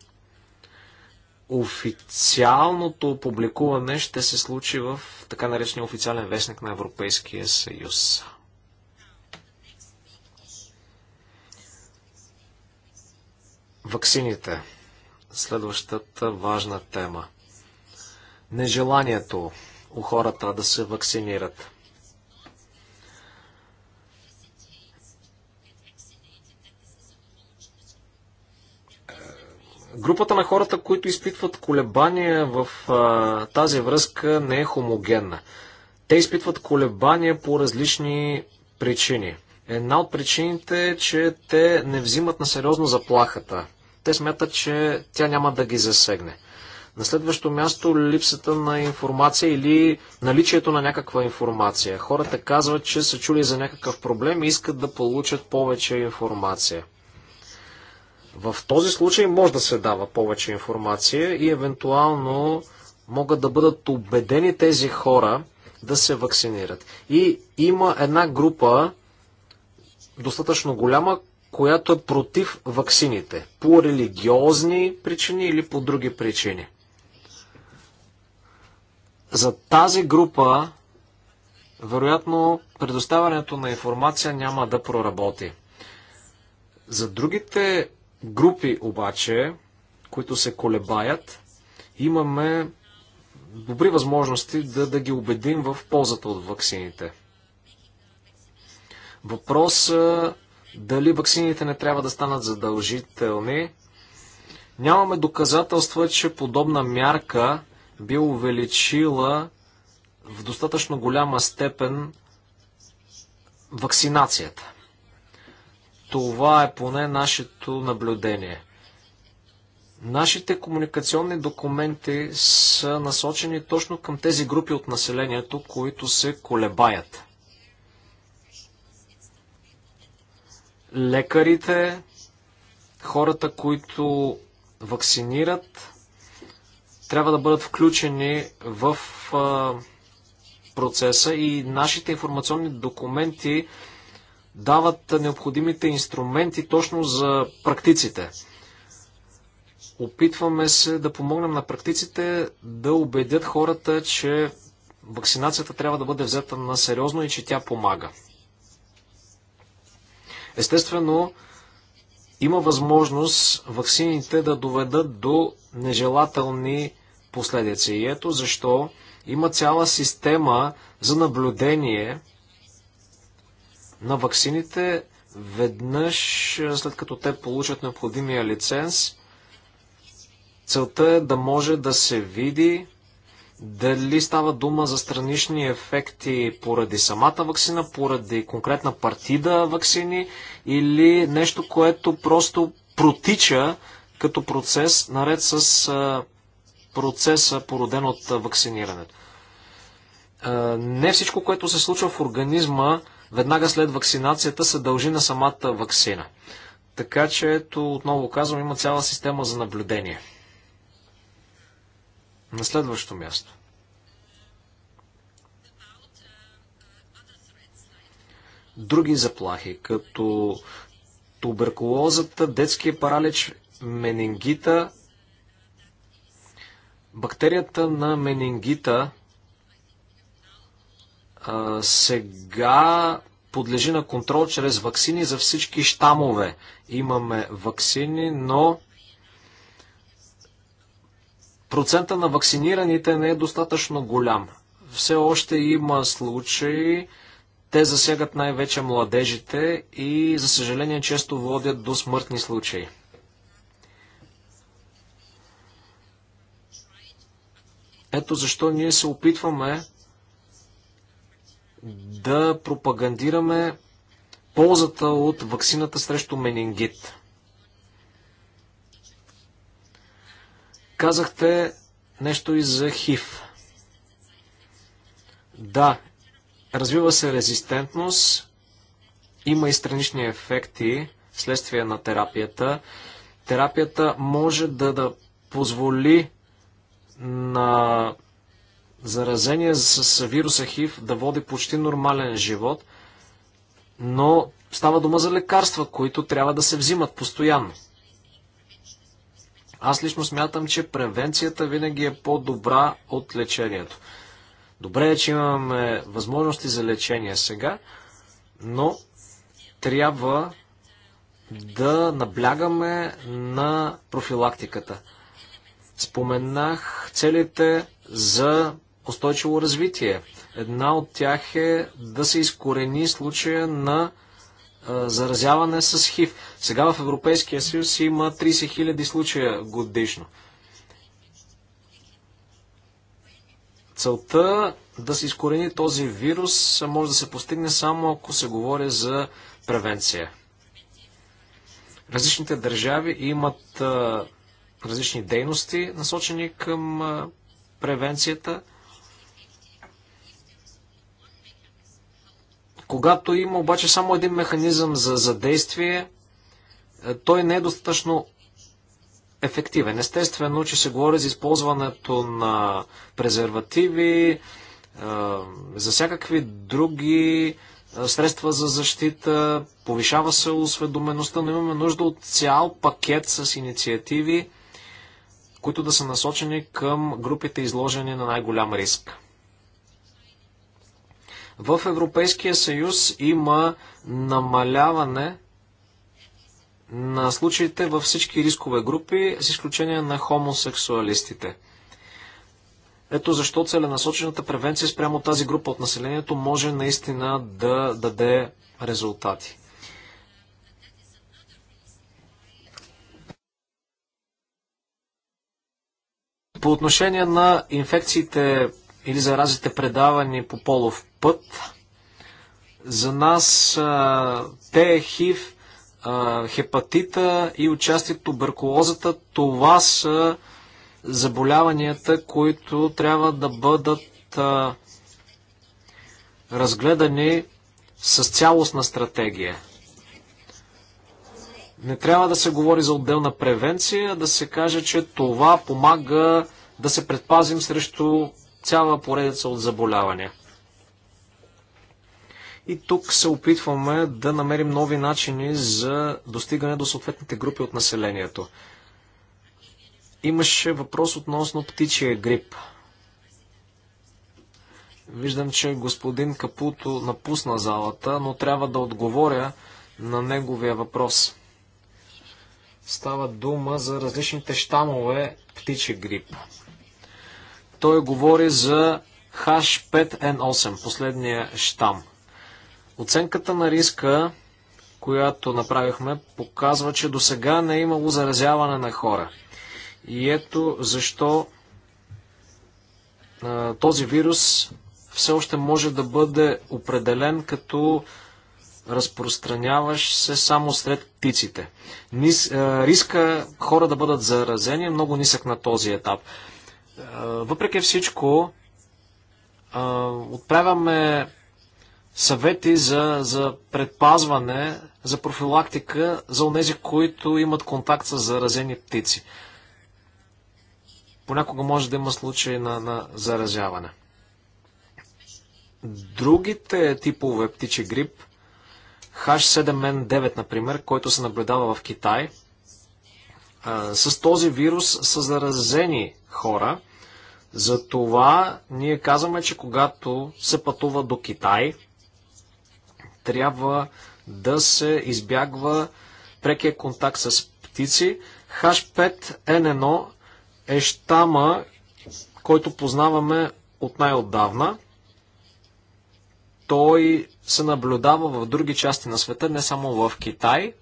Официалното публикуване ще се случи в така наречения официален вестник на Европейския съюз. Ваксините. Следващата важна тема – нежеланието у хората да се вакцинират. Групата на хората, които изпитват колебания в а, тази връзка не е хомогенна. Те изпитват колебания по различни причини. Една от причините е, че те не взимат на сериозно заплахата. Те смятат, че тя няма да ги засегне. На следващо място липсата на информация или наличието на някаква информация. Хората казват, че са чули за някакъв проблем и искат да получат повече информация. В този случай може да се дава повече информация и евентуално могат да бъдат убедени тези хора да се вакцинират. И има една група, достатъчно голяма, която е против вакцините По религиозни причини или по други причини. За тази група, вероятно, предоставянето на информация няма да проработи. За другите групи обаче, които се колебаят, имаме добри възможности да, да ги убедим в ползата от ваксините. Въпрос дали ваксините не трябва да станат задължителни. Нямаме доказателства, че подобна мярка би увеличила в достатъчно голяма степен вакцинацията. Това е поне нашето наблюдение. Нашите комуникационни документи са насочени точно към тези групи от населението, които се колебаят. Лекарите, хората, които вакцинират, трябва да бъдат включени в процеса и нашите информационни документи дават необходимите инструменти точно за практиците. Опитваме се да помогнем на практиците да убедят хората, че вакцинацията трябва да бъде взета на сериозно и че тя помага. Естествено, има възможност ваксините да доведат до нежелателни последици. И ето защо има цяла система за наблюдение на ваксините веднъж след като те получат необходимия лиценз. Целта е да може да се види дали става дума за странични ефекти поради самата вакцина, поради конкретна партида вакцини или нещо, което просто протича като процес наред с процеса, породен от вакцинирането. Не всичко, което се случва в организма веднага след вакцинацията, се дължи на самата вакцина. Така че, ето, отново казвам, има цяла система за наблюдение. На следващо място. Други заплахи, като туберкулозата, детския паралич, менингита Бактерията на менингита а, сега подлежи на контрол чрез вакцини за всички щамове. Имаме вакцини, но процента на вакцинираните не е достатъчно голям. Все още има случаи, те засягат най-вече младежите и, за съжаление, често водят до смъртни случаи. Ето защо ние се опитваме да пропагандираме ползата от ваксината срещу менингит. Казахте нещо и за ХИВ. Да, развива се резистентност, има и странични ефекти вследствие на терапията. Терапията може да, да позволи на заразение с вируса ХИВ да води почти нормален живот, но става дума за лекарства, които трябва да се взимат постоянно. Аз лично смятам, че превенцията винаги е по-добра от лечението. Добре е, че имаме възможности за лечение сега, но трябва да наблягаме на профилактиката. Споменах целите за устойчиво развитие. Една от тях е да се изкорени случая на заразяване с ХИВ. Сега в Европейския съюз има 30 000 случая годишно. Целта да се изкорени този вирус може да се постигне само ако се говори за превенция. Различните държави имат различни дейности, насочени към превенцията. Когато има обаче само един механизъм за, задействие, той не е достатъчно ефективен. Естествено, че се говори за използването на презервативи, за всякакви други средства за защита, повишава се осведомеността, но имаме нужда от цял пакет с инициативи, които да са насочени към групите изложени на най-голям риск. В Европейския съюз има намаляване на случаите във всички рискове групи, с изключение на хомосексуалистите. Ето защо целенасочената превенция спрямо тази група от населението може наистина да даде резултати. По отношение на инфекциите или заразите предавани по полов път, за нас те е хив, хепатита и отчасти туберкулозата, това са заболяванията, които трябва да бъдат разгледани с цялостна стратегия – не трябва да се говори за отделна превенция, да се каже, че това помага да се предпазим срещу цяла поредица от заболявания. И тук се опитваме да намерим нови начини за достигане до съответните групи от населението. Имаше въпрос относно птичия грип. Виждам, че господин Капуто напусна залата, но трябва да отговоря на неговия въпрос. Става дума за различните щамове птичи грип. Той говори за H5N8, последния щам. Оценката на риска, която направихме, показва, че до сега не е имало заразяване на хора. И ето защо този вирус все още може да бъде определен като разпространяващ се само сред птиците. Нис, е, риска хора да бъдат заразени е много нисък на този етап. Е, въпреки всичко, е, отправяме съвети за, за предпазване, за профилактика за онези, които имат контакт с заразени птици. Понякога може да има случаи на, на заразяване. Другите типове птичи грип – H7N9, например, който се наблюдава в Китай. С този вирус са заразени хора. Затова ние казваме, че когато се пътува до Китай, трябва да се избягва прекия контакт с птици. H5N1 е щама, който познаваме от най-отдавна. Той се наблюдава в други части на света, не само в Китай.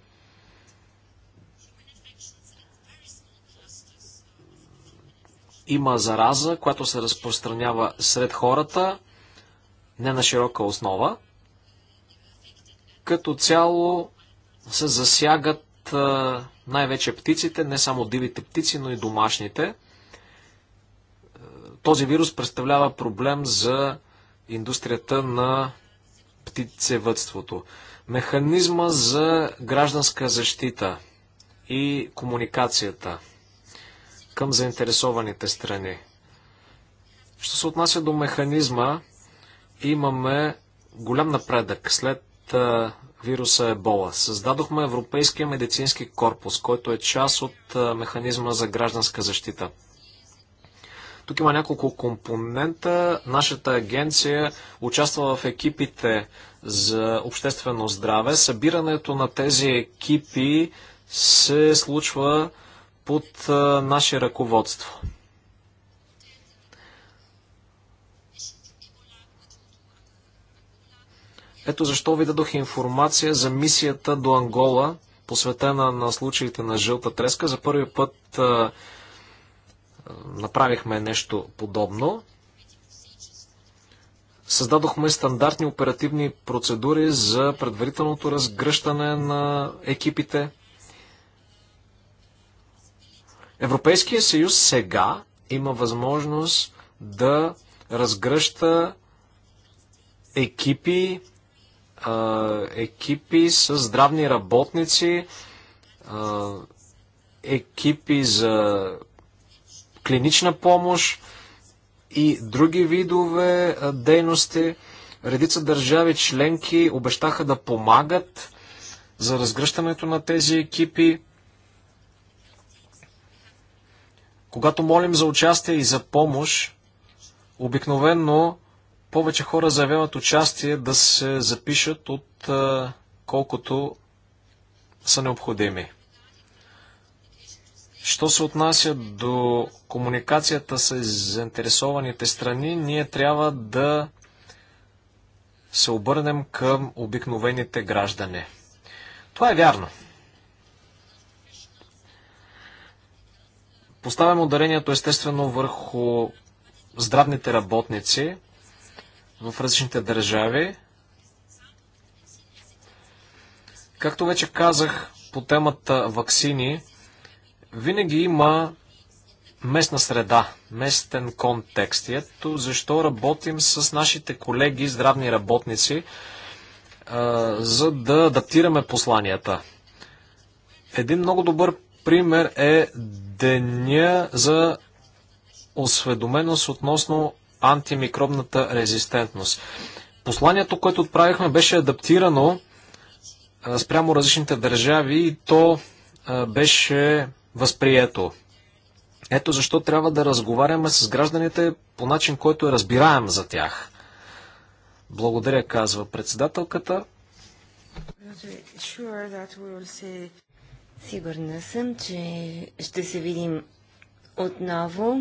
Има зараза, която се разпространява сред хората, не на широка основа. Като цяло се засягат най-вече птиците, не само дивите птици, но и домашните. Този вирус представлява проблем за индустрията на птицевътството. Механизма за гражданска защита и комуникацията към заинтересованите страни. Що се отнася до механизма, имаме голям напредък след вируса Ебола. Създадохме Европейския медицински корпус, който е част от механизма за гражданска защита. Тук има няколко компонента. Нашата агенция участва в екипите за обществено здраве. Събирането на тези екипи се случва под наше ръководство. Ето защо ви дадох информация за мисията до Ангола, посветена на случаите на жълта треска. За първи път направихме нещо подобно. Създадохме стандартни оперативни процедури за предварителното разгръщане на екипите. Европейския съюз сега има възможност да разгръща екипи, екипи с здравни работници, екипи за клинична помощ и други видове дейности. Редица държави членки обещаха да помагат за разгръщането на тези екипи. Когато молим за участие и за помощ, обикновенно повече хора заявяват участие да се запишат от колкото са необходими. Що се отнася до комуникацията с заинтересованите страни, ние трябва да се обърнем към обикновените граждани. Това е вярно. Поставям ударението естествено върху здравните работници в различните държави. Както вече казах по темата вакцини, винаги има местна среда, местен контекст. И ето защо работим с нашите колеги, здравни работници, за да адаптираме посланията. Един много добър пример е деня за осведоменост относно антимикробната резистентност. Посланието, което отправихме, беше адаптирано спрямо различните държави и то беше възприето. Ето защо трябва да разговаряме с гражданите по начин, който е разбираем за тях. Благодаря, казва председателката. Сигурна съм, че ще се видим отново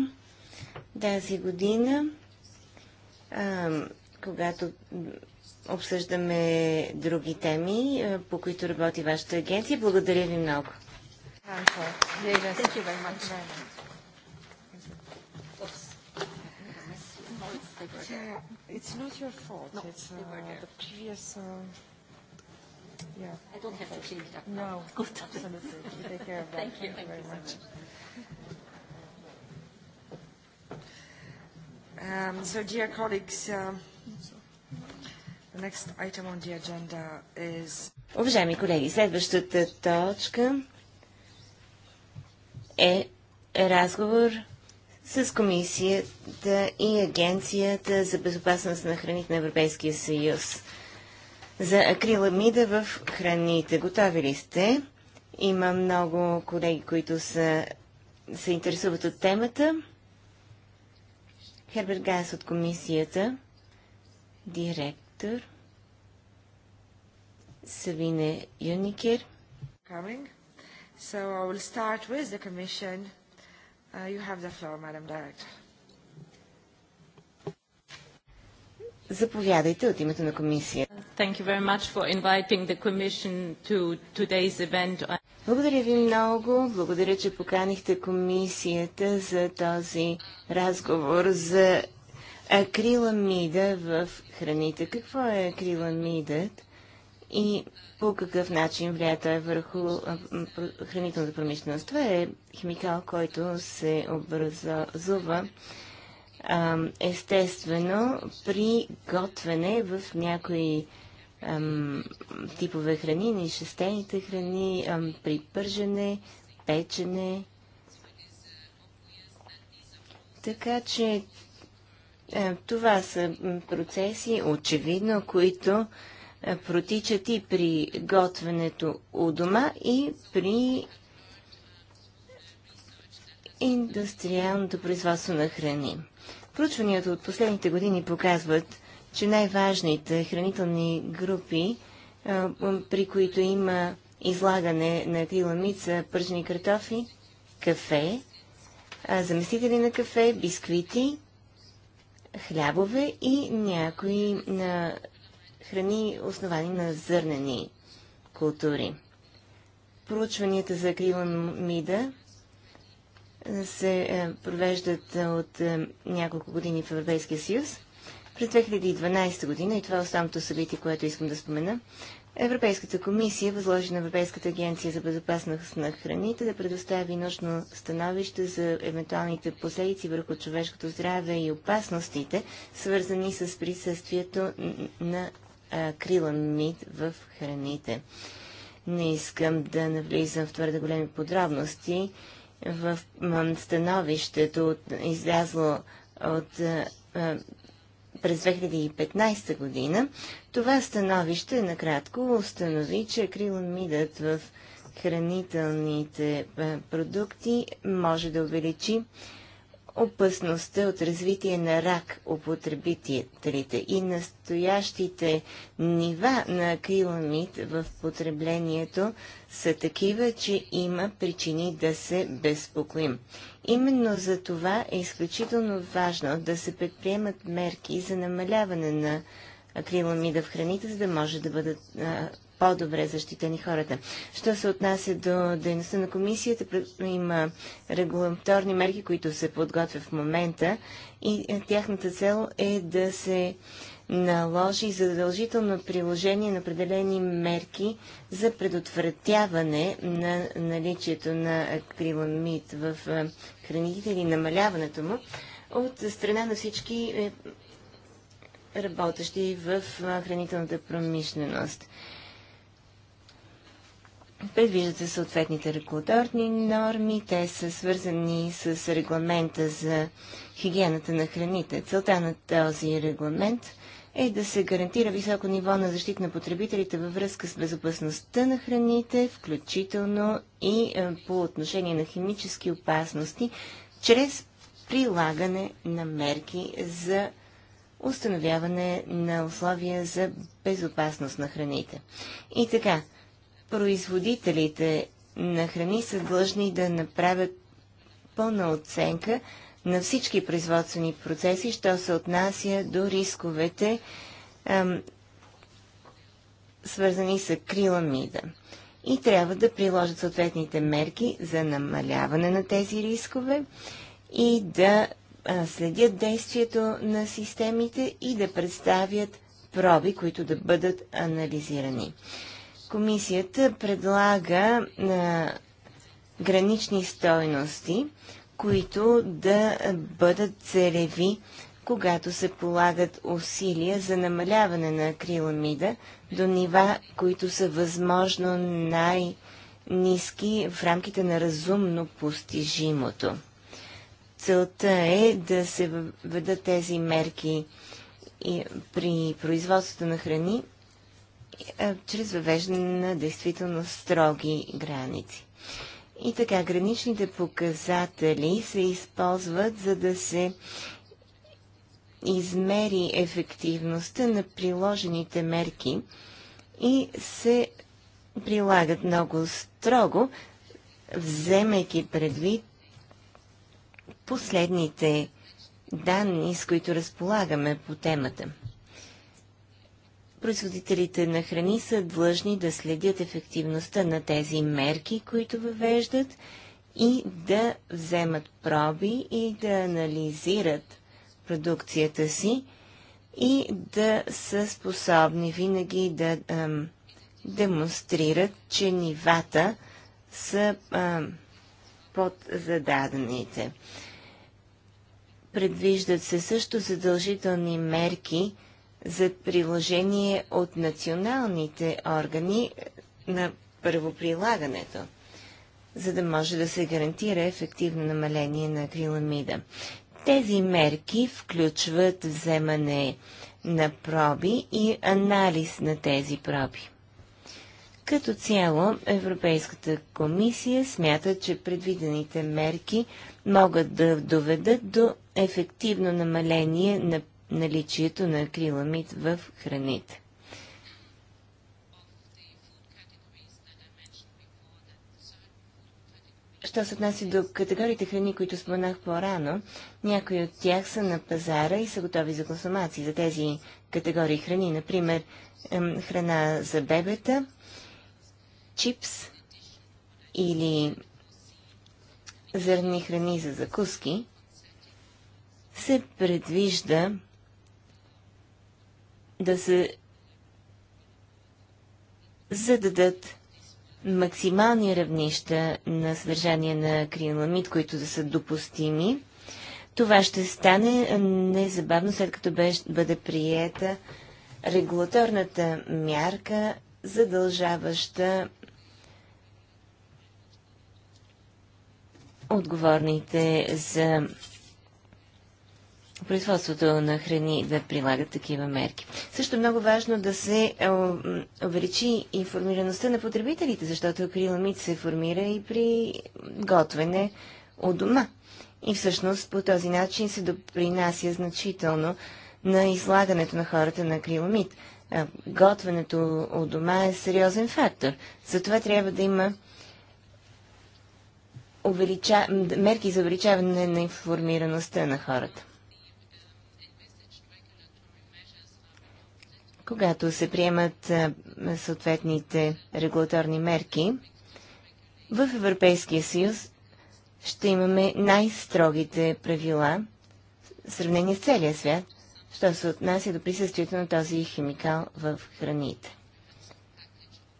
тази година, когато обсъждаме други теми, по които работи вашата агенция. Благодаря ви много. It's not your fault. No, it's uh, the previous. Uh, yeah. I don't have to clean it up. No, good. Absolutely. You take care of that. Thank you. Thank, Thank you very you much. So much. Um, so, dear colleagues, uh, the next item on the agenda is... Уважаеми колеги, следващата точка е разговор с комисията и Агенцията за безопасност на храните на Европейския съюз за акриламида в храните. Готови ли сте? Има много колеги, които са, се интересуват от темата. Херберт Гайс от комисията, директор, Савине Юникер. Coming. So I will start with the Commission. Uh, you have the floor, Madam Director. Thank you very much for inviting the Commission to today's event. Благодаря ви много. Благодаря, че поканихте комисията за този разговор за акриламида в храните. Какво е акриламидът и по какъв начин влияе той върху хранителната промишленост. Това е химикал, който се образува естествено при готвене в някои типове храни, ни храни, при пържене, печене. Така че това са процеси, очевидно, които е, протичат и при готвенето у дома и при индустриалното производство на храни. Проучванията от последните години показват, че най-важните хранителни групи, е, при които има излагане на акриламид пържени картофи, кафе, заместители на кафе, бисквити, хлябове и някои на храни, основани на зърнени култури. Проучванията за мида се е, провеждат от е, няколко години в Европейския съюз. През 2012 година, и това е основното събитие, което искам да спомена, Европейската комисия възложи на Европейската агенция за безопасност на храните да предостави нужно становище за евентуалните последици върху човешкото здраве и опасностите, свързани с присъствието на акриламид в храните. Не искам да навлизам в твърде големи подробности. В становището от, излязло от през 2015 година, това становище накратко установи, че акриламидът в хранителните продукти може да увеличи опасността от развитие на рак у потребителите и настоящите нива на акриламид в потреблението са такива, че има причини да се безпокоим. Именно за това е изключително важно да се предприемат мерки за намаляване на акриламида в храните, за да може да бъдат а, по-добре защитени хората. Що се отнася до дейността на комисията, има регуляторни мерки, които се подготвят в момента и е, тяхната цел е да се наложи задължително приложение на определени мерки за предотвратяване на наличието на акриламид в е, храните или намаляването му от страна на всички е, работещи в хранителната промишленост. Предвиждат се съответните регулаторни норми. Те са свързани с регламента за хигиената на храните. Целта на този регламент е да се гарантира високо ниво на защита на потребителите във връзка с безопасността на храните, включително и е, по отношение на химически опасности, чрез прилагане на мерки за установяване на условия за безопасност на храните. И така, производителите на храни са длъжни да направят пълна оценка на всички производствени процеси, що се отнася до рисковете, ам, свързани с акриламида. И трябва да приложат съответните мерки за намаляване на тези рискове и да а, следят действието на системите и да представят проби, които да бъдат анализирани. Комисията предлага на гранични стойности, които да бъдат целеви, когато се полагат усилия за намаляване на акриламида до нива, които са възможно най-низки в рамките на разумно постижимото. Целта е да се въведат тези мерки и при производството на храни е, чрез въвеждане на действително строги граници. И така, граничните показатели се използват, за да се измери ефективността на приложените мерки и се прилагат много строго, вземайки предвид последните данни, с които разполагаме по темата производителите на храни са длъжни да следят ефективността на тези мерки, които въвеждат и да вземат проби и да анализират продукцията си и да са способни винаги да а, демонстрират, че нивата са а, под зададените. Предвиждат се също задължителни мерки – за приложение от националните органи на първоприлагането, за да може да се гарантира ефективно намаление на акриламида. Тези мерки включват вземане на проби и анализ на тези проби. Като цяло, Европейската комисия смята, че предвидените мерки могат да доведат до ефективно намаление на наличието на акриламид в храните. Що се отнася до категориите храни, които споменах по-рано, някои от тях са на пазара и са готови за консумации. За тези категории храни, например, храна за бебета, чипс или зърни храни за закуски, се предвижда да се зададат максимални равнища на съдържание на криноламид, които да са допустими. Това ще стане незабавно след като бъде приета регулаторната мярка, задължаваща отговорните за производството на храни да прилагат такива мерки. Също е много важно да се увеличи информираността на потребителите, защото акриламид се формира и при готвене от дома. И всъщност по този начин се допринася значително на излагането на хората на акриламид. Готвенето от дома е сериозен фактор. Затова трябва да има увелича... мерки за увеличаване на информираността на хората. когато се приемат съответните регулаторни мерки, в Европейския съюз ще имаме най-строгите правила в сравнение с целия свят, що се отнася до присъствието на този химикал в храните.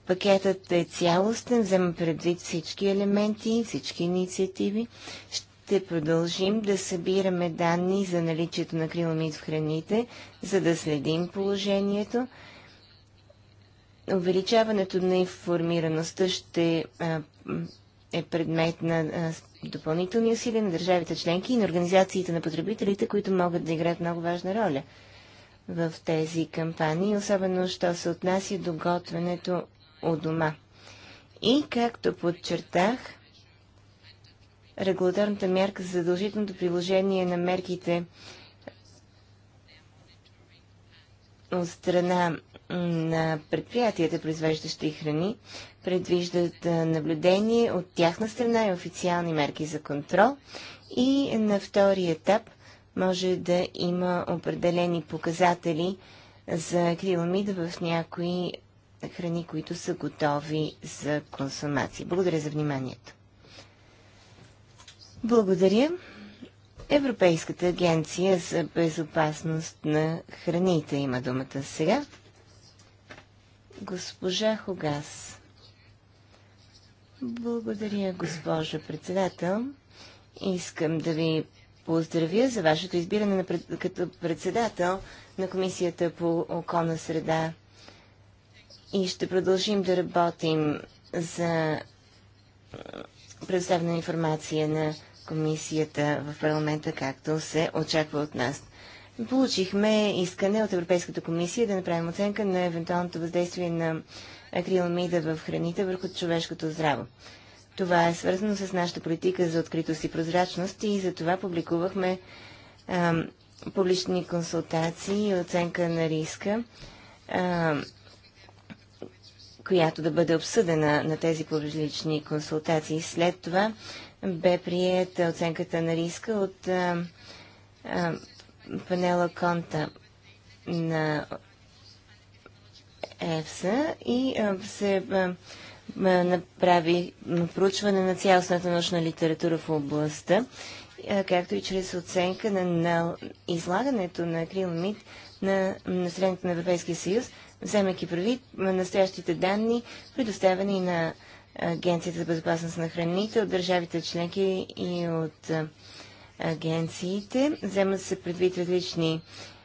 Пакетът е цялостен, взема предвид всички елементи, всички инициативи. Ще ще продължим да събираме данни за наличието на криломит в храните, за да следим положението. Увеличаването на информираността ще е предмет на допълнителни усилия на държавите членки и на организациите на потребителите, които могат да играят много важна роля в тези кампании, особено що се отнася до готвенето у дома. И, както подчертах, регулаторната мярка за задължителното приложение на мерките от страна на предприятията, произвеждащи храни, предвиждат наблюдение от тяхна страна и официални мерки за контрол. И на втори етап може да има определени показатели за акриламида в някои храни, които са готови за консумация. Благодаря за вниманието. Благодаря. Европейската агенция за безопасност на храните има думата сега. Госпожа Хогас. Благодаря, госпожо председател. Искам да ви поздравя за вашето избиране на пред... като председател на Комисията по околна среда и ще продължим да работим за предоставяне на информация на комисията в парламента, както се очаква от нас. Получихме искане от Европейската комисия да направим оценка на евентуалното въздействие на акриламида в храните върху човешкото здраво. Това е свързано с нашата политика за откритост и прозрачност и за това публикувахме а, публични консултации и оценка на риска, а, която да бъде обсъдена на тези публични консултации. След това бе приета оценката на риска от панела Конта на ЕФСА и се направи проучване на цялостната научна литература в областта, както и чрез оценка на, на излагането на акриламид на населението на Европейския съюз, вземайки прави настоящите данни, предоставени на Агенцията за безопасност на храните, от държавите членки и от агенциите. Вземат се предвид различни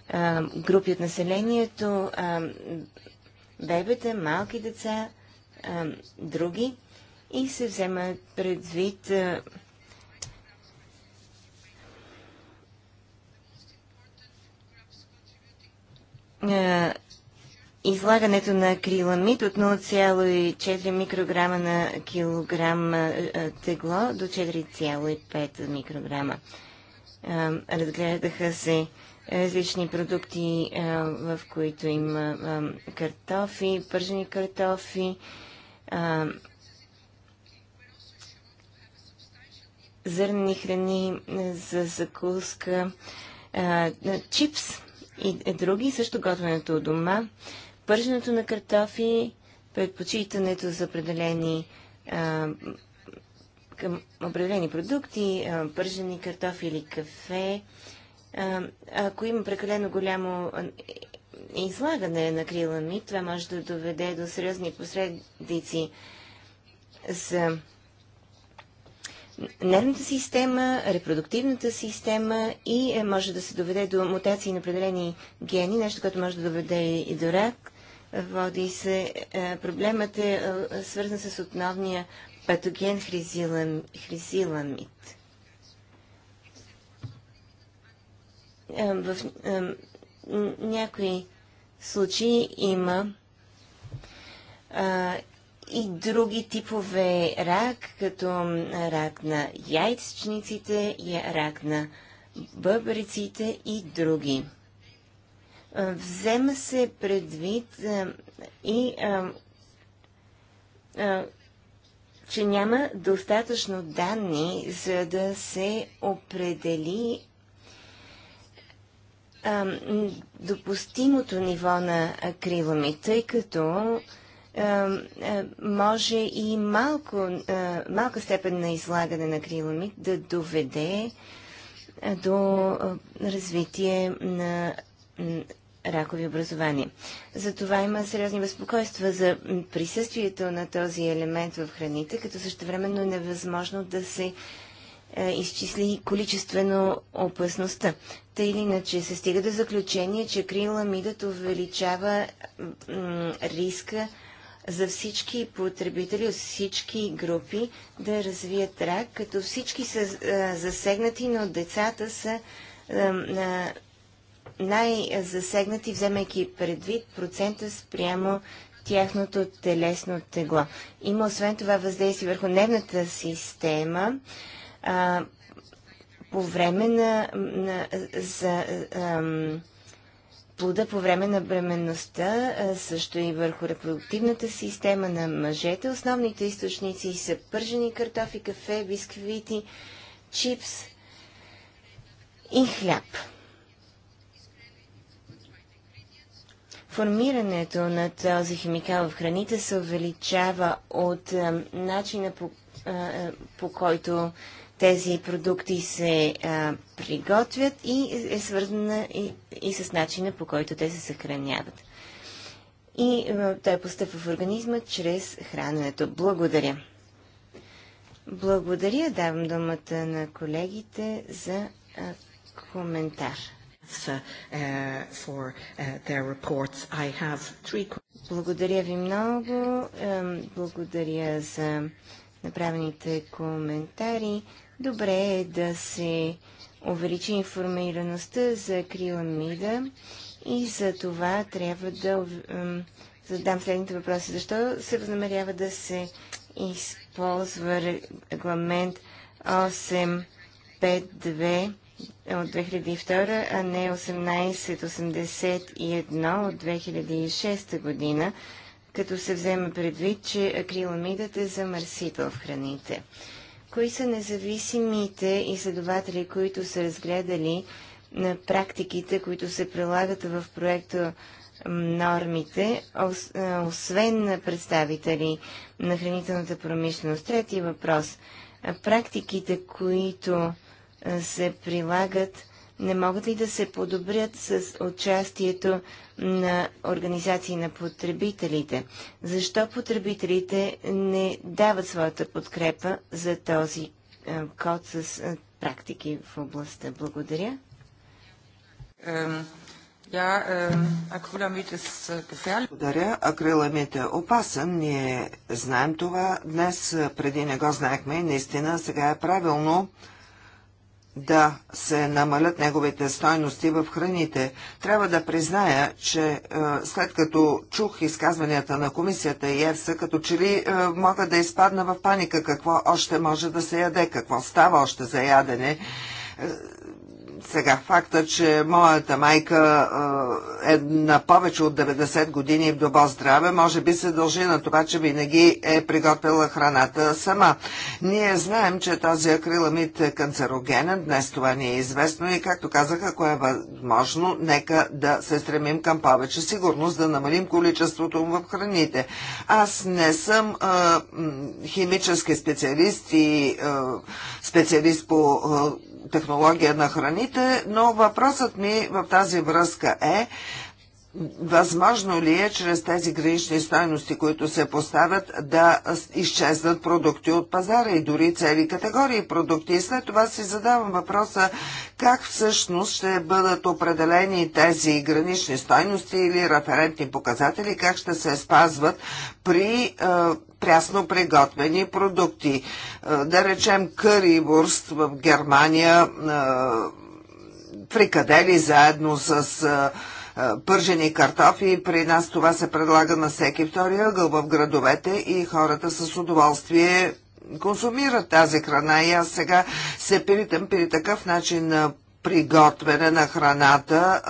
а, групи от населението, а, бебета, малки деца, а, други и се вземат предвид а, а, излагането на акриламид от 0,4 микрограма на килограм тегло до 4,5 микрограма. Разгледаха се различни продукти, в които има картофи, пържени картофи, зърнени храни за закуска, чипс и е, други, също готвенето от дома пърженето на картофи, предпочитането за определени а, към определени продукти, а, пържени картофи или кафе. А, ако има прекалено голямо излагане на крила ми, това може да доведе до сериозни посредици за нервната система, репродуктивната система и е, може да се доведе до мутации на определени гени, нещо, което може да доведе и до рак, Води се, е, проблемът е, е свързан с основния патоген хризиламид. Е, в някои случаи има и други типове рак, като рак на яйцечниците, рак на бъбриците и други. Е, взема се предвид е, и е, че няма достатъчно данни, за да се определи а, допустимото ниво на акрилами, тъй като може и малко, малка степен на излагане на акрилами да доведе до развитие на ракови образования. Затова има сериозни безпокойства за присъствието на този елемент в храните, като същевременно е невъзможно да се е, изчисли количествено опасността. Та или иначе се стига до заключение, че акриламидът увеличава риска за всички потребители от всички групи да развият рак, като всички са е, засегнати, но децата са е, е най-засегнати, вземайки предвид процента спрямо тяхното телесно тегло. Има освен това въздействие върху нервната система а, по време на, на за, ам, плода по време на бременността, а, също и върху репродуктивната система на мъжете. Основните източници са пържени картофи, кафе, бисквити, чипс и хляб. формирането на този химикал в храните се увеличава от а, е, начина по, а, е, по който тези продукти се а, е, приготвят и е свързана и, и с начина по който те се съхраняват. И а, той постъпва в организма чрез храненето. Благодаря. Благодаря. Давам думата на колегите за а, коментар. Uh, uh, for uh, their reports. I have three Благодаря ви много. Благодаря за направените коментари. Добре е да се увеличи информираността за Мида, и за това трябва да задам следните въпроси. Защо се възнамерява да се използва регламент 852 е от 2002, а не 1881 от 2006 година, като се взема предвид, че акриламидът е замърсител в храните. Кои са независимите изследователи, които са разгледали на практиките, които се прилагат в проекта нормите, освен на представители на хранителната промишленост? Трети въпрос. Практиките, които се прилагат, не могат ли да се подобрят с участието на организации на потребителите? Защо потребителите не дават своята подкрепа за този е, код с е, практики в областта? Благодаря. Ja, е, Благодаря. Акриламид е опасен. Ние знаем това. Днес преди не го знаехме и наистина сега е правилно да се намалят неговите стойности в храните. Трябва да призная, че е, след като чух изказванията на комисията и ЕФСА, като че ли е, мога да изпадна в паника какво още може да се яде, какво става още за ядене. Е, сега, факта, че моята майка е, е на повече от 90 години в добро здраве, може би се дължи на това, че винаги е приготвила храната сама. Ние знаем, че този акриламид е канцерогенен, днес това ни е известно и, както казах, ако е възможно, нека да се стремим към повече сигурност, да намалим количеството му в храните. Аз не съм е, химически специалист и е, специалист по а, технология на храните, но въпросът ми в тази връзка е Възможно ли е чрез тези гранични стойности, които се поставят, да изчезнат продукти от пазара и дори цели категории продукти? И след това си задавам въпроса как всъщност ще бъдат определени тези гранични стойности или референтни показатели, как ще се спазват при е, прясно приготвени продукти. Е, да речем къривурст в Германия, е, фрикадели заедно с пържени картофи. При нас това се предлага на всеки втори ъгъл в градовете и хората с удоволствие консумират тази храна. И аз сега се питам при такъв начин на приготвяне на храната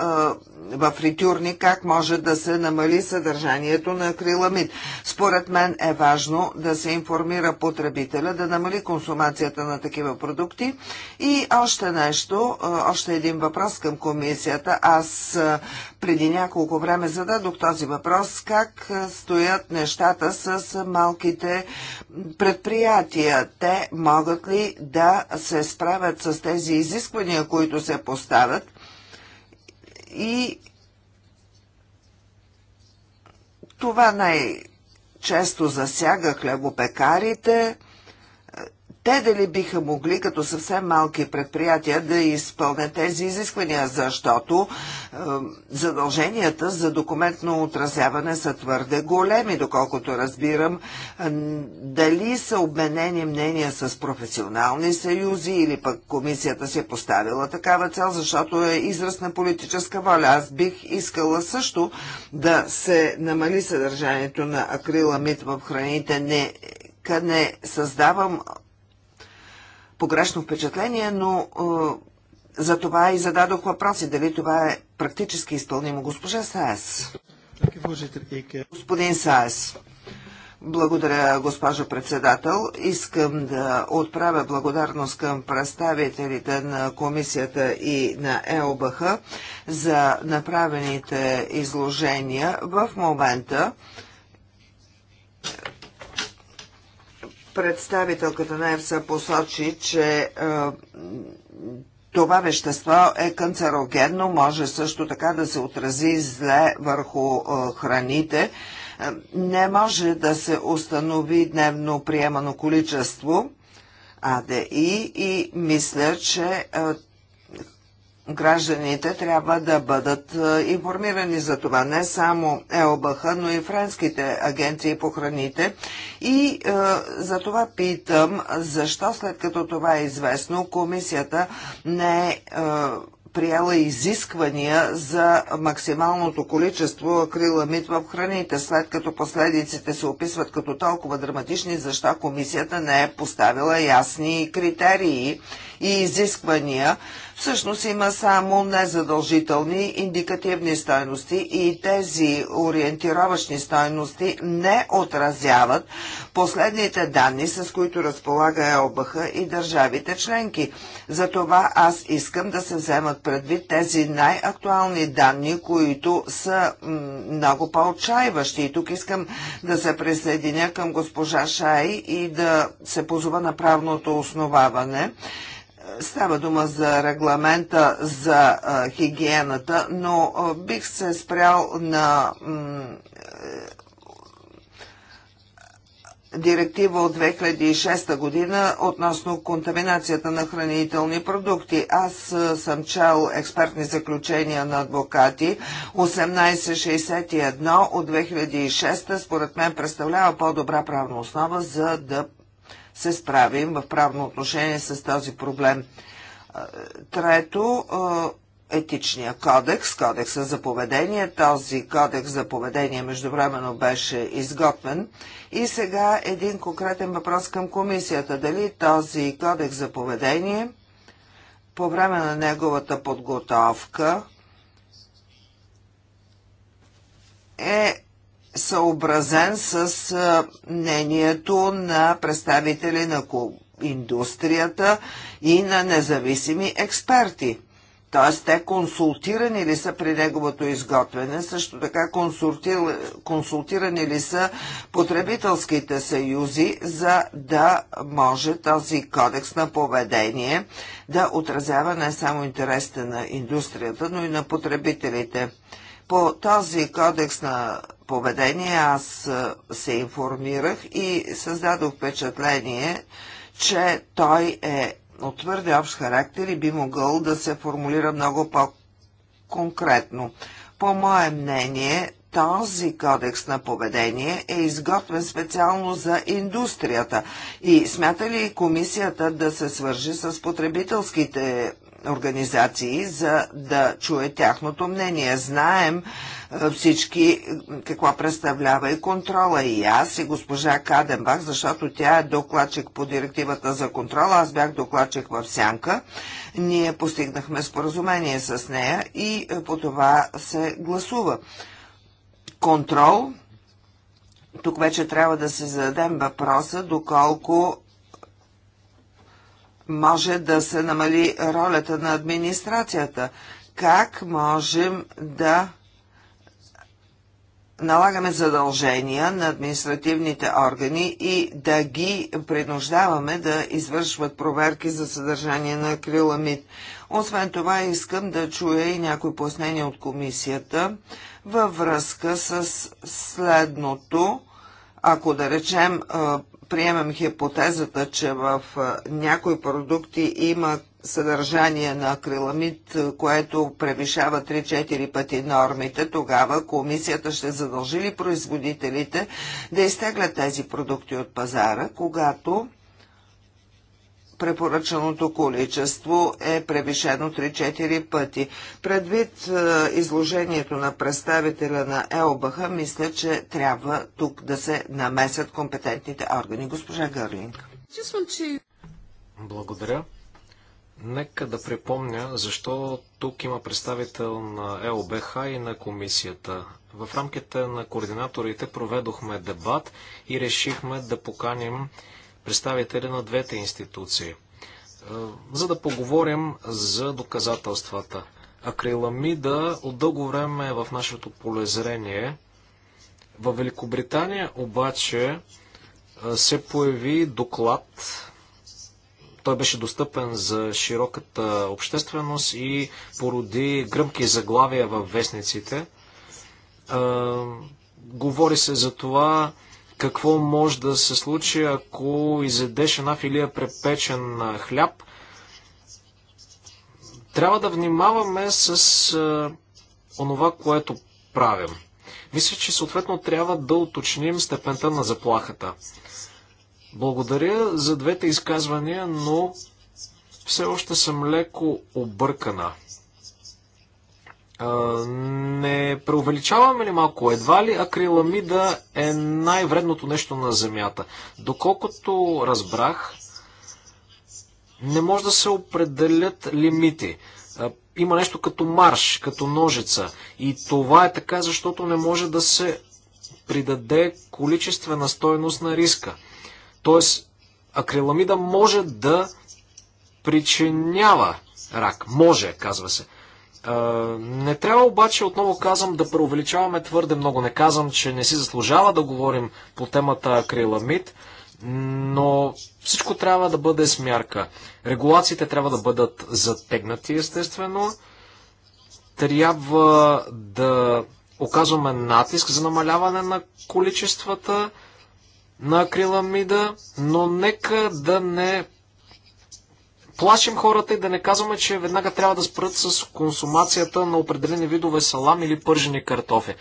в фритюрни, как може да се намали съдържанието на акриламид. Според мен е важно да се информира потребителя, да намали консумацията на такива продукти. И още нещо, още един въпрос към комисията. Аз преди няколко време зададох този въпрос, как стоят нещата с малките предприятия. Те могат ли да се справят с тези изисквания, които се поставят? И това най-често засяга хлебопекарите – те дали биха могли като съвсем малки предприятия да изпълнят тези изисквания, защото е, задълженията за документно отразяване са твърде големи, доколкото разбирам. Е, дали са обменени мнения с професионални съюзи или пък комисията си е поставила такава цел, защото е израз на политическа воля. Аз бих искала също да се намали съдържанието на акриламид в храните, не къде създавам погрешно впечатление, но е, за това и зададох въпроси, дали това е практически изпълнимо. Госпожа Саес. Господин Саес. Благодаря, госпожо председател. Искам да отправя благодарност към представителите на комисията и на ЕОБХ за направените изложения. В момента Представителката на ЕФСА посочи, че това вещество е канцерогенно, може също така да се отрази зле върху храните. Не може да се установи дневно приемано количество АДИ и мисля, че гражданите трябва да бъдат е, информирани за това. Не само ЕОБХ, но и френските агенции по храните. И е, за това питам, защо след като това е известно, комисията не е, е приела изисквания за максималното количество акриламид в храните, след като последиците се описват като толкова драматични, защо комисията не е поставила ясни критерии и изисквания Всъщност има само незадължителни индикативни стойности и тези ориентировъчни стойности не отразяват последните данни, с които разполага ЕОБХ и държавите членки. Затова аз искам да се вземат предвид тези най-актуални данни, които са много по-отчаиващи. И тук искам да се присъединя към госпожа Шай и да се позова на правното основаване. Става дума за регламента за хигиената, но бих се спрял на директива от 2006 година относно контаминацията на хранителни продукти. Аз съм чел експертни заключения на адвокати 1861 от 2006 според мен представлява по-добра правна основа за да се справим в правно отношение с този проблем. Трето, етичния кодекс, кодекса за поведение. Този кодекс за поведение междувременно беше изготвен. И сега един конкретен въпрос към комисията. Дали този кодекс за поведение по време на неговата подготовка е съобразен с мнението на представители на индустрията и на независими експерти. Т.е. те консултирани ли са при неговото изготвяне, също така консултирани ли са потребителските съюзи, за да може този кодекс на поведение да отразява не само интересите на индустрията, но и на потребителите. По този кодекс на поведение, аз се информирах и създадох впечатление, че той е от твърде общ характер и би могъл да се формулира много по-конкретно. По мое мнение, този кодекс на поведение е изготвен специално за индустрията и смята ли комисията да се свържи с потребителските организации, за да чуе тяхното мнение. Знаем е, всички какво представлява и контрола. И аз, и госпожа Каденбах, защото тя е докладчик по директивата за контрола. Аз бях докладчик в Сянка. Ние постигнахме споразумение с нея и е, по това се гласува. Контрол тук вече трябва да се зададем въпроса, доколко може да се намали ролята на администрацията? Как можем да налагаме задължения на административните органи и да ги принуждаваме да извършват проверки за съдържание на акриламид. Освен това искам да чуя и някои пояснения от комисията във връзка с следното. Ако да речем Приемам хипотезата, че в някои продукти има съдържание на акриламид, което превишава 3-4 пъти нормите, тогава комисията ще задължи ли производителите да изтеглят тези продукти от пазара, когато препоръчаното количество е превишено 3-4 пъти. Предвид е, изложението на представителя на ЕОБХ, мисля, че трябва тук да се намесят компетентните органи. Госпожа Гърлинг. Благодаря. Нека да припомня, защо тук има представител на ЕОБХ и на комисията. В рамките на координаторите проведохме дебат и решихме да поканим представители на двете институции, е, за да поговорим за доказателствата. Акриламида от дълго време е в нашето полезрение. В Великобритания обаче е, се появи доклад, той беше достъпен за широката общественост и породи гръмки заглавия във вестниците. Е, говори се за това какво може да се случи, ако изедеш една филия препечен хляб. Трябва да внимаваме с а, онова, което правим. Мисля, че съответно трябва да уточним степента на заплахата. Благодаря за двете изказвания, но все още съм леко объркана не преувеличаваме ли малко? Едва ли акриламида е най-вредното нещо на Земята? Доколкото разбрах, не може да се определят лимити. Има нещо като марш, като ножица. И това е така, защото не може да се придаде количествена стойност на риска. Тоест, акриламида може да причинява рак. Може, казва се. Не трябва обаче, отново казвам, да преувеличаваме твърде много. Не казвам, че не си заслужава да говорим по темата акриламид, но всичко трябва да бъде с мярка. Регулациите трябва да бъдат затегнати, естествено. Трябва да оказваме натиск за намаляване на количествата на акриламида, но нека да не плашим хората и да не казваме, че веднага трябва да спрат с консумацията на определени видове салам или пържени картофи.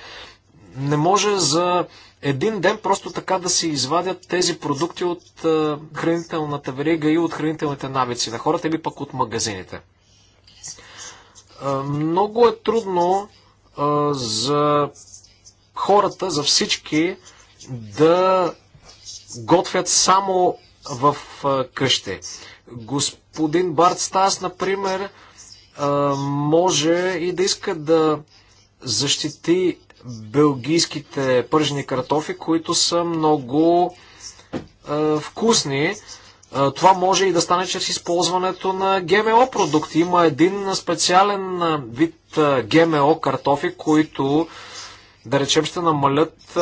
Не може за един ден просто така да се извадят тези продукти от е, хранителната верига и от хранителните навици на хората или пък от магазините. Е, много е трудно е, за хората, за всички да готвят само в къщи. Господин Барт Стас, например, може и да иска да защити белгийските пържени картофи, които са много вкусни. Това може и да стане чрез използването на ГМО продукти. Има един специален вид ГМО картофи, които, да речем, ще намалят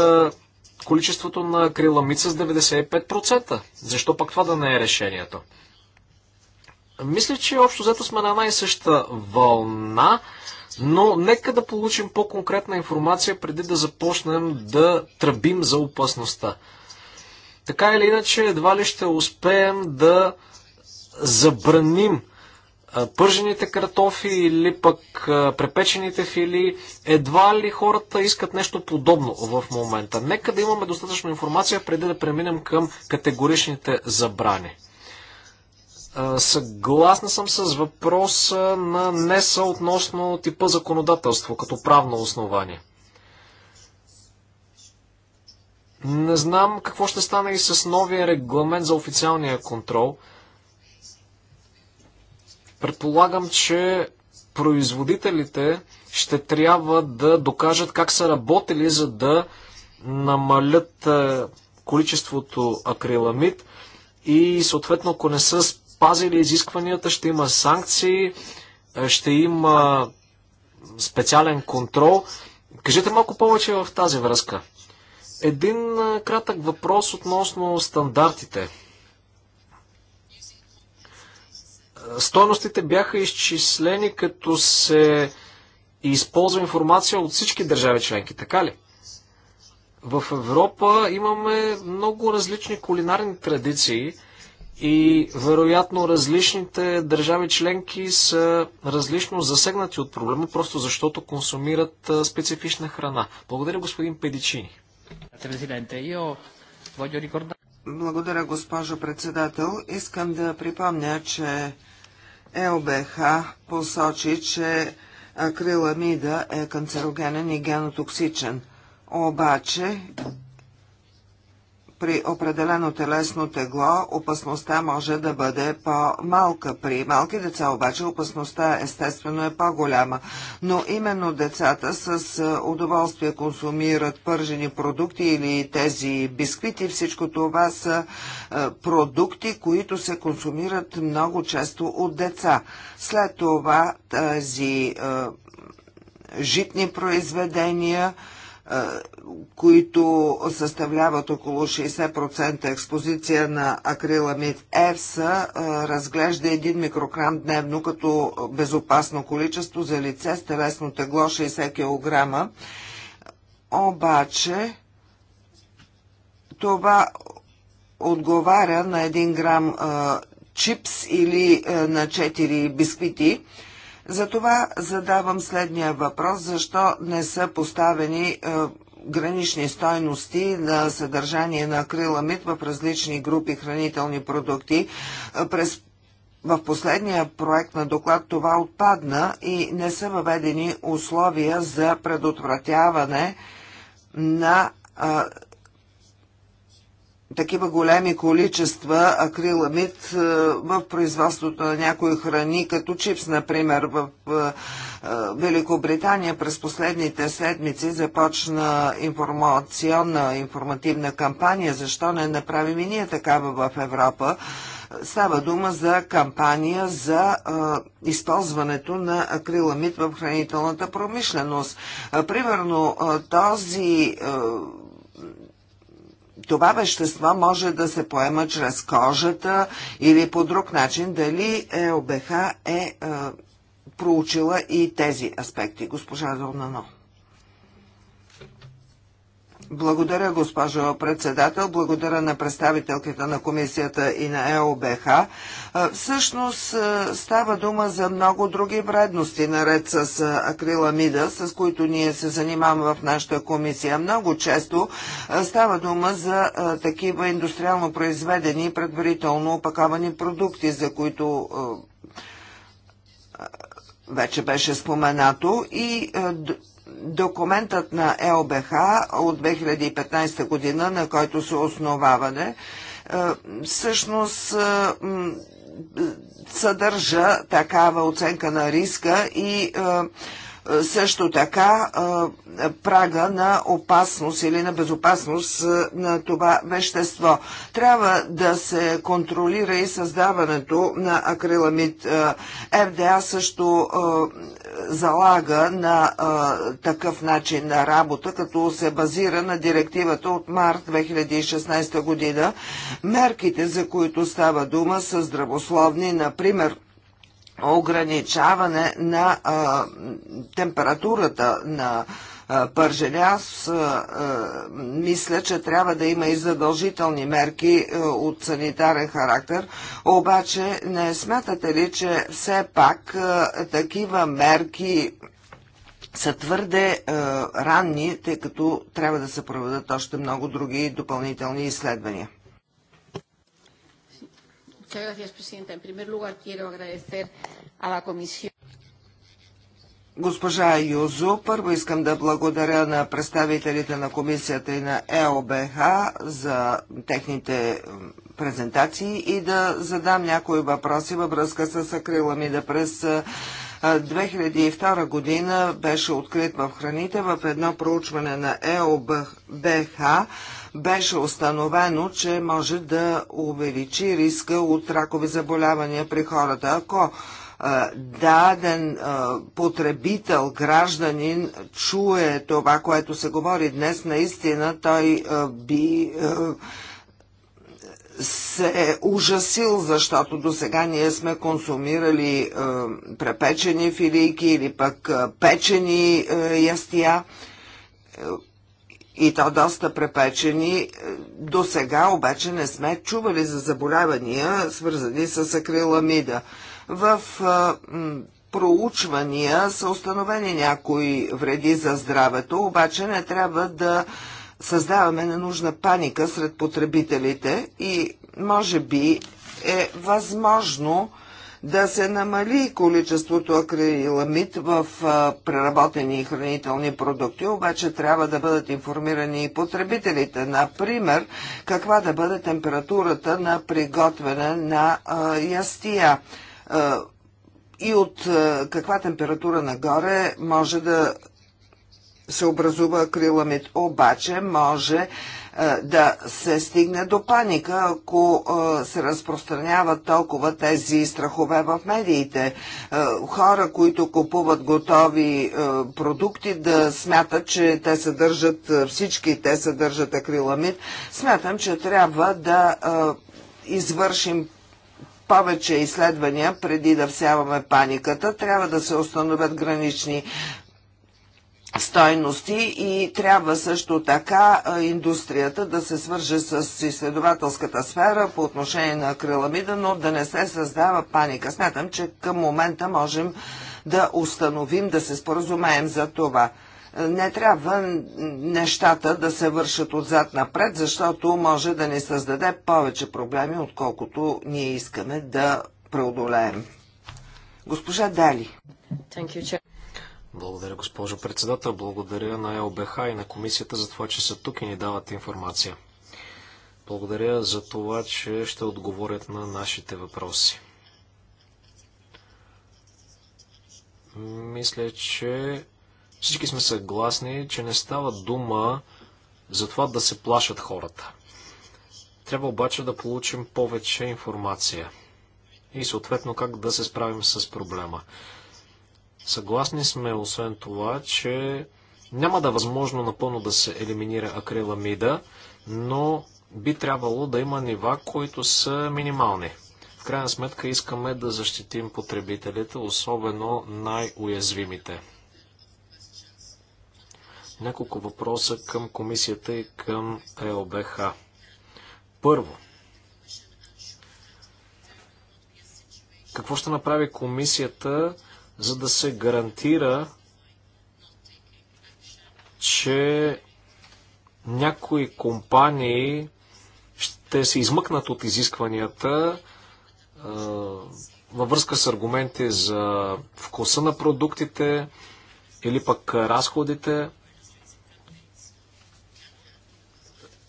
количеството на криламица с 95%. Защо пък това да не е решението? Мисля, че общо взето сме на една и съща вълна, но нека да получим по-конкретна информация преди да започнем да тръбим за опасността. Така или иначе, едва ли ще успеем да забраним пържените картофи или пък препечените фили. Едва ли хората искат нещо подобно в момента. Нека да имаме достатъчно информация преди да преминем към категоричните забрани. Съгласна съм с въпроса на НЕСА относно типа законодателство като правно основание. Не знам какво ще стане и с новия регламент за официалния контрол. Предполагам, че производителите ще трябва да докажат как са работили, за да намалят е, количеството акриламид и съответно, ако не са спазили изискванията, ще има санкции, е, ще има специален контрол. Кажете малко повече в тази връзка. Един е, кратък въпрос относно стандартите. Стойностите бяха изчислени като се използва информация от всички държави членки, така ли? В Европа имаме много различни кулинарни традиции – и вероятно различните държави членки са различно засегнати от проблема, просто защото консумират специфична храна. Благодаря, господин Педичини. Благодаря, госпожо председател. Искам да припомня, че ЛБХ посочи, че акриламида е канцерогенен и генотоксичен. Обаче при определено телесно тегло опасността може да бъде по-малка. При малки деца обаче опасността естествено е по-голяма. Но именно децата с е, удоволствие консумират пържени продукти или тези бисквити. Всичко това са е, продукти, които се консумират много често от деца. След това тази е, житни произведения – които съставляват около 60% експозиция на акриламид ЕФСА, разглежда един микрограм дневно като безопасно количество за лице с телесно тегло 60 кг. Обаче това отговаря на 1 грам чипс или на 4 бисквити. Затова задавам следния въпрос, защо не са поставени е, гранични стойности на съдържание на акриламид в различни групи хранителни продукти. Е, през в последния проект на доклад това отпадна и не са въведени условия за предотвратяване на е, такива големи количества акриламид е, в производството на някои храни, като чипс, например, в е, е, Великобритания през последните седмици започна информационна, информативна кампания. Защо не направим и ние такава в Европа? Става дума за кампания за а, използването на акриламид в хранителната промишленост. А, примерно а, този а, това вещество може да се поема чрез кожата или по друг начин. Дали ЕОБХ е, е проучила и тези аспекти? Госпожа Дорнано. Благодаря, госпожо председател. Благодаря на представителката на комисията и на ЕОБХ. Всъщност става дума за много други вредности, наред с акриламида, с които ние се занимаваме в нашата комисия. Много често става дума за такива индустриално произведени и предварително опаковани продукти, за които вече беше споменато и документът на ЕОБХ от 2015 година, на който се основаване, е, всъщност е, е, съдържа такава оценка на риска и е, също така е, прага на опасност или на безопасност е, на това вещество. Трябва да се контролира и създаването на акриламид. ФДА също залага на такъв начин на работа, като се базира на директивата от март 2016 година. Мерките, за които става дума, са здравословни, например, ограничаване на а, температурата на пържеля. Аз а, а, мисля, че трябва да има и задължителни мерки а, от санитарен характер, обаче не смятате ли, че все пак такива мерки са твърде ранни, тъй като трябва да се проведат още много други допълнителни изследвания? Muchas gracias, Presidenta. En primer lugar, quiero agradecer a la Comisión. Госпожа Юзо, първо искам да благодаря на представителите на комисията и на ЕОБХ за техните презентации и да задам някои въпроси във връзка с акриламида през 2002 година беше открит в храните в едно проучване на ЕОБХ беше установено, че може да увеличи риска от ракови заболявания при хората. Ако е, даден е, потребител, гражданин чуе това, което се говори днес, наистина той е, би се е ужасил, защото до сега ние сме консумирали е, препечени филийки или пък е, печени е, ястия и то доста препечени. Е, до сега обаче не сме чували за заболявания, свързани с акриламида. В е, проучвания са установени някои вреди за здравето, обаче не трябва да създаваме ненужна паника сред потребителите и може би е възможно да се намали количеството акриламид в преработени хранителни продукти, обаче трябва да бъдат информирани и потребителите. Например, каква да бъде температурата на приготвяне на ястия и от каква температура нагоре може да се образува акриламид. Обаче може е, да се стигне до паника, ако е, се разпространяват толкова тези страхове в медиите. Е, хора, които купуват готови продукти, да смятат, че те съдържат всички, те съдържат акриламид. Смятам, че трябва да извършим повече изследвания преди да всяваме паниката. Трябва да се установят гранични стойности и трябва също така индустрията да се свърже с изследователската сфера по отношение на акриламида, но да не се създава паника. Смятам, че към момента можем да установим, да се споразумеем за това. Не трябва нещата да се вършат отзад напред, защото може да ни създаде повече проблеми, отколкото ние искаме да преодолеем. Госпожа Дали. Thank you, благодаря, госпожо председател. Благодаря на ЕОБХ и на комисията за това, че са тук и ни дават информация. Благодаря за това, че ще отговорят на нашите въпроси. Мисля, че всички сме съгласни, че не става дума за това да се плашат хората. Трябва обаче да получим повече информация и съответно как да се справим с проблема. Съгласни сме, освен това, че няма да е възможно напълно да се елиминира акриламида, но би трябвало да има нива, които са минимални. В крайна сметка искаме да защитим потребителите, особено най-уязвимите. Няколко въпроса към комисията и към ЕОБХ. Първо, какво ще направи комисията, за да се гарантира, че някои компании ще се измъкнат от изискванията а, във връзка с аргументи за вкуса на продуктите или пък разходите.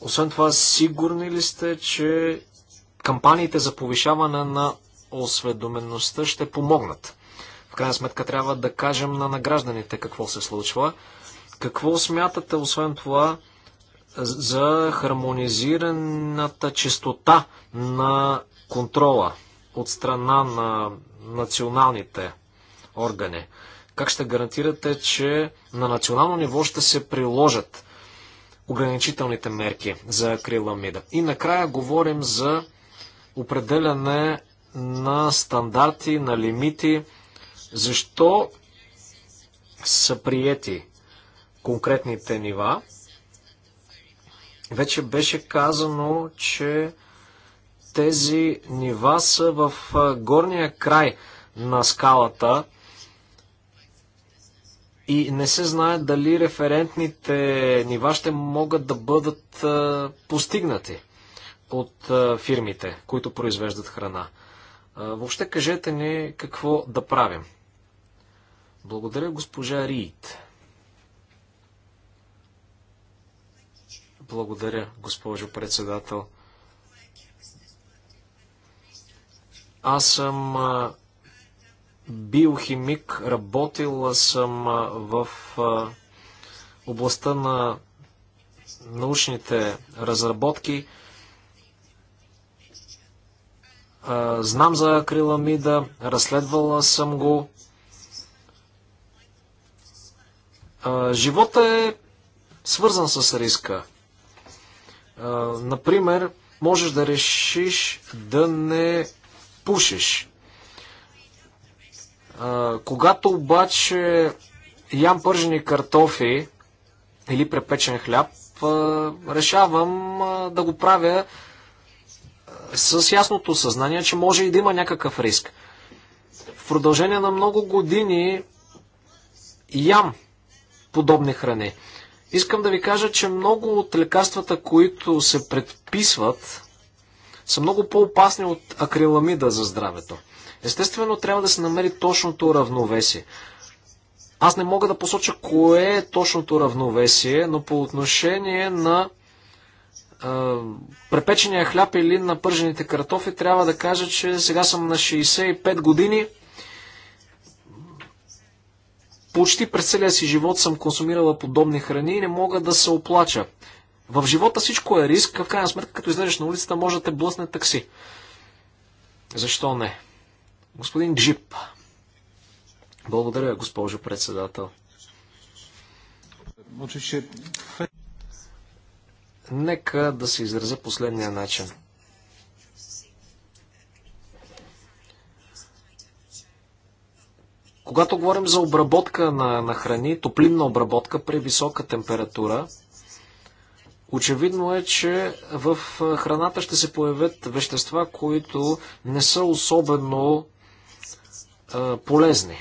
Освен това, сигурни ли сте, че кампаниите за повишаване на осведомеността ще помогнат в крайна сметка трябва да кажем на награжданите какво се случва. Какво смятате, освен това, за хармонизираната чистота на контрола от страна на националните органи? Как ще гарантирате, че на национално ниво ще се приложат ограничителните мерки за акриламида? И накрая говорим за определяне на стандарти, на лимити защо са приети конкретните нива? Вече беше казано, че тези нива са в горния край на скалата и не се знае дали референтните нива ще могат да бъдат постигнати от фирмите, които произвеждат храна. Въобще кажете ни какво да правим благодаря, госпожа Рид. Благодаря, госпожо председател. Аз съм биохимик, работила съм в областта на научните разработки. Знам за акриламида, разследвала съм го. Живота е свързан с риска. Например, можеш да решиш да не пушиш. Когато обаче ям пържени картофи или препечен хляб, решавам да го правя с ясното съзнание, че може и да има някакъв риск. В продължение на много години ям подобни храни. Искам да ви кажа, че много от лекарствата, които се предписват, са много по-опасни от акриламида за здравето. Естествено, трябва да се намери точното равновесие. Аз не мога да посоча кое е точното равновесие, но по отношение на е, препечения хляб или на пържените картофи, трябва да кажа, че сега съм на 65 години – почти през целия си живот съм консумирала подобни храни и не мога да се оплача. В живота всичко е риск, в крайна сметка, като излезеш на улицата, може да те блъсне такси. Защо не? Господин Джип. Благодаря, госпожо председател. Значи Нека да се изразя последния начин. Когато говорим за обработка на, на храни, топлинна обработка при висока температура, очевидно е, че в храната ще се появят вещества, които не са особено а, полезни.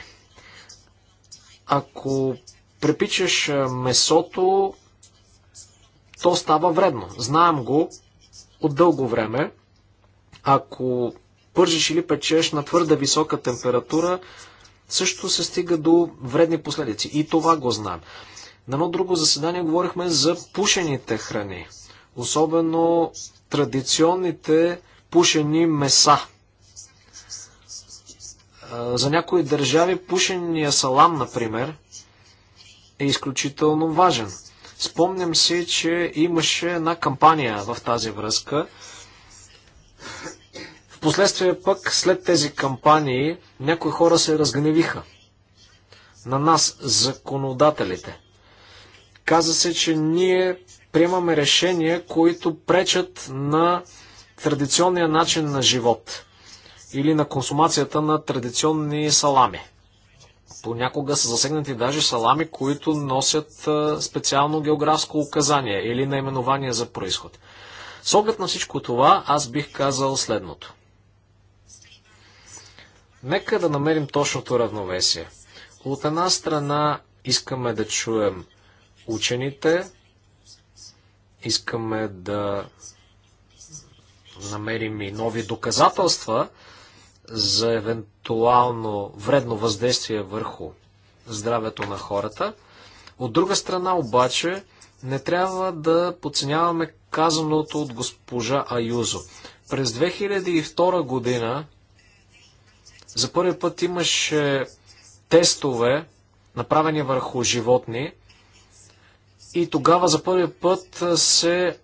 Ако препичаш месото, то става вредно. Знаем го от дълго време. Ако пържиш или печеш на твърде висока температура, също се стига до вредни последици. И това го знам. На едно друго заседание говорихме за пушените храни, особено традиционните пушени меса. За някои държави пушения салам, например, е изключително важен. Спомням си, че имаше една кампания в тази връзка. Впоследствие пък, след тези кампании, някои хора се разгневиха. На нас, законодателите. Каза се, че ние приемаме решения, които пречат на традиционния начин на живот или на консумацията на традиционни салами. Понякога са засегнати даже салами, които носят специално географско указание или наименование за происход. С оглед на всичко това, аз бих казал следното. Нека да намерим точното равновесие. От една страна искаме да чуем учените, искаме да намерим и нови доказателства за евентуално вредно въздействие върху здравето на хората. От друга страна обаче не трябва да подценяваме казаното от госпожа Аюзо. През 2002 година за първи път имаше тестове, направени върху животни, и тогава за първи път се е,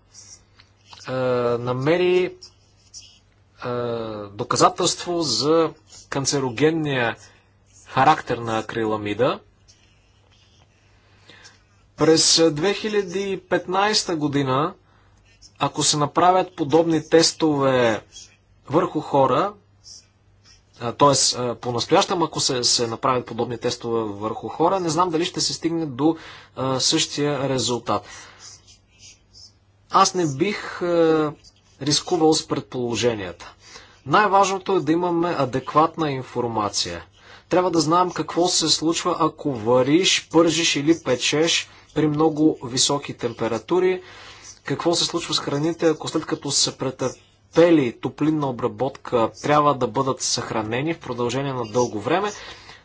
намери е, доказателство за канцерогенния характер на акриламида. През 2015 година, ако се направят подобни тестове върху хора, Тоест, по-настоящем, ако се, се направят подобни тестове върху хора, не знам дали ще се стигне до а, същия резултат. Аз не бих а, рискувал с предположенията. Най-важното е да имаме адекватна информация. Трябва да знаем какво се случва, ако вариш, пържиш или печеш при много високи температури. Какво се случва с храните, ако след като се претърпи пели топлинна обработка трябва да бъдат съхранени в продължение на дълго време,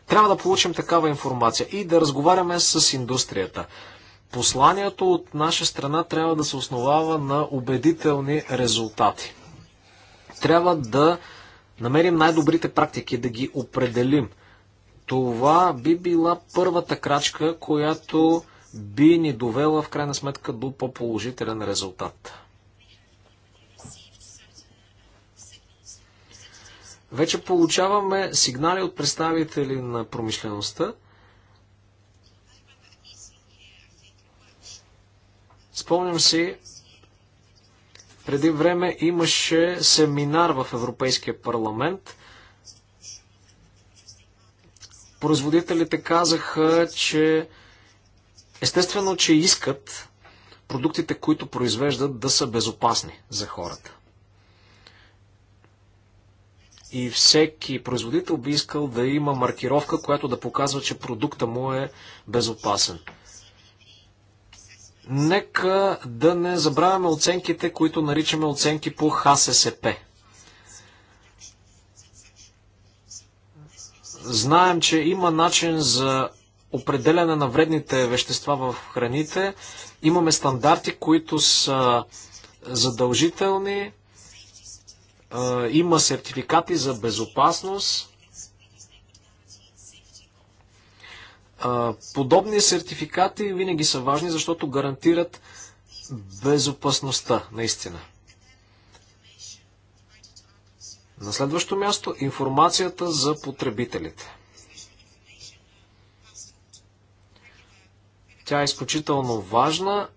трябва да получим такава информация и да разговаряме с индустрията. Посланието от наша страна трябва да се основава на убедителни резултати. Трябва да намерим най-добрите практики, да ги определим. Това би била първата крачка, която би ни довела в крайна сметка до по-положителен резултат. Вече получаваме сигнали от представители на промишлеността. Спомням си, преди време имаше семинар в Европейския парламент. Производителите казаха, че естествено, че искат продуктите, които произвеждат, да са безопасни за хората и всеки производител би искал да има маркировка, която да показва, че продукта му е безопасен. Нека да не забравяме оценките, които наричаме оценки по ХССП. Знаем, че има начин за определяне на вредните вещества в храните. Имаме стандарти, които са задължителни, има сертификати за безопасност. Подобни сертификати винаги са важни, защото гарантират безопасността, наистина. На следващо място информацията за потребителите. Тя е изключително важна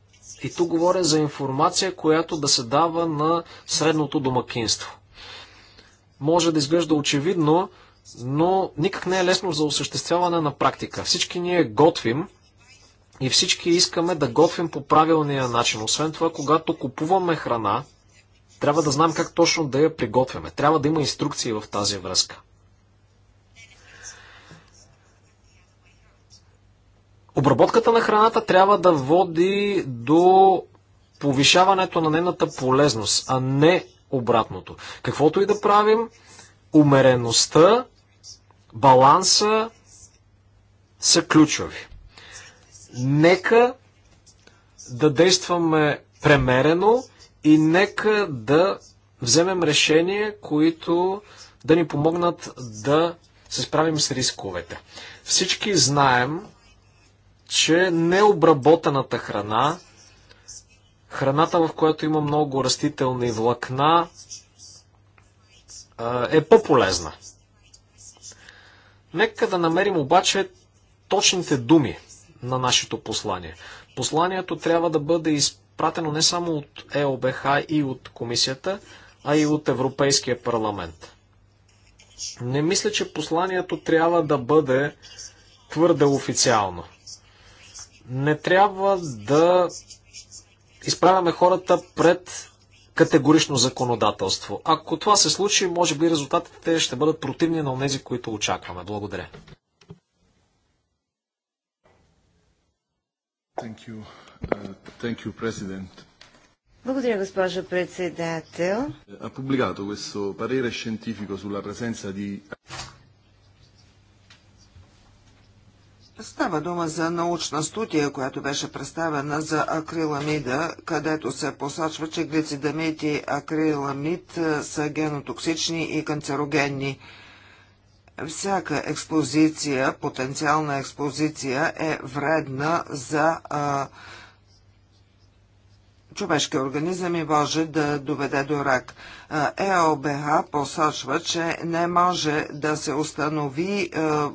и тук говоря за информация, която да се дава на средното домакинство може да изглежда очевидно, но никак не е лесно за осъществяване на практика. Всички ние готвим и всички искаме да готвим по правилния начин. Освен това, когато купуваме храна, трябва да знаем как точно да я приготвяме. Трябва да има инструкции в тази връзка. Обработката на храната трябва да води до повишаването на нейната полезност, а не обратното. Каквото и да правим, умереността, баланса са ключови. Нека да действаме премерено и нека да вземем решения, които да ни помогнат да се справим с рисковете. Всички знаем, че необработената храна Храната, в която има много растителни влакна, е по-полезна. Нека да намерим обаче точните думи на нашето послание. Посланието трябва да бъде изпратено не само от ЕОБХ и от комисията, а и от Европейския парламент. Не мисля, че посланието трябва да бъде твърде официално. Не трябва да изправяме хората пред категорично законодателство. Ако това се случи, може би резултатите ще бъдат противни на тези, които очакваме. Благодаря. Thank you. Uh, thank you, President. Благодаря, госпожо председател. Ha pubblicato questo parere scientifico sulla presenza di Става дума за научна студия, която беше представена за акриламида, където се посочва, че глицидамид и акриламид е, са генотоксични и канцерогенни. Всяка експозиция, потенциална експозиция е вредна за а, човешкия организъм и може да доведе до рак. ЕОБХ посочва, че не може да се установи а,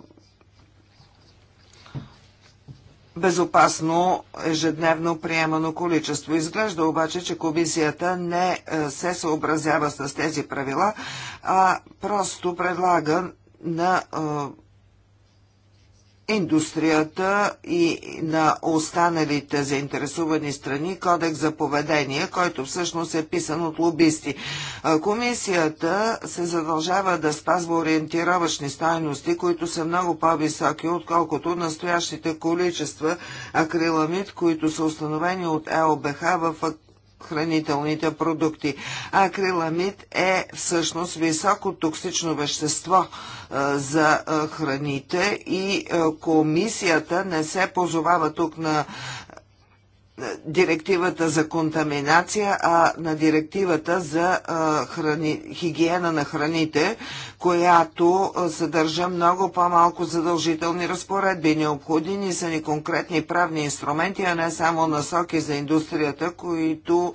безопасно ежедневно приемано количество. Изглежда обаче, че комисията не е, се съобразява с тези правила, а просто предлага на е, индустрията и на останалите заинтересувани страни кодекс за поведение, който всъщност е писан от лобисти. Комисията се задължава да спазва ориентировъчни стойности, които са много по-високи, отколкото настоящите количества акриламид, които са установени от ЕОБХ в хранителните продукти. Акриламид е всъщност високо токсично вещество за храните и комисията не се позовава тук на директивата за контаминация, а на директивата за храни, хигиена на храните, която съдържа много по-малко задължителни разпоредби. Необходими са ни конкретни правни инструменти, а не само насоки за индустрията, които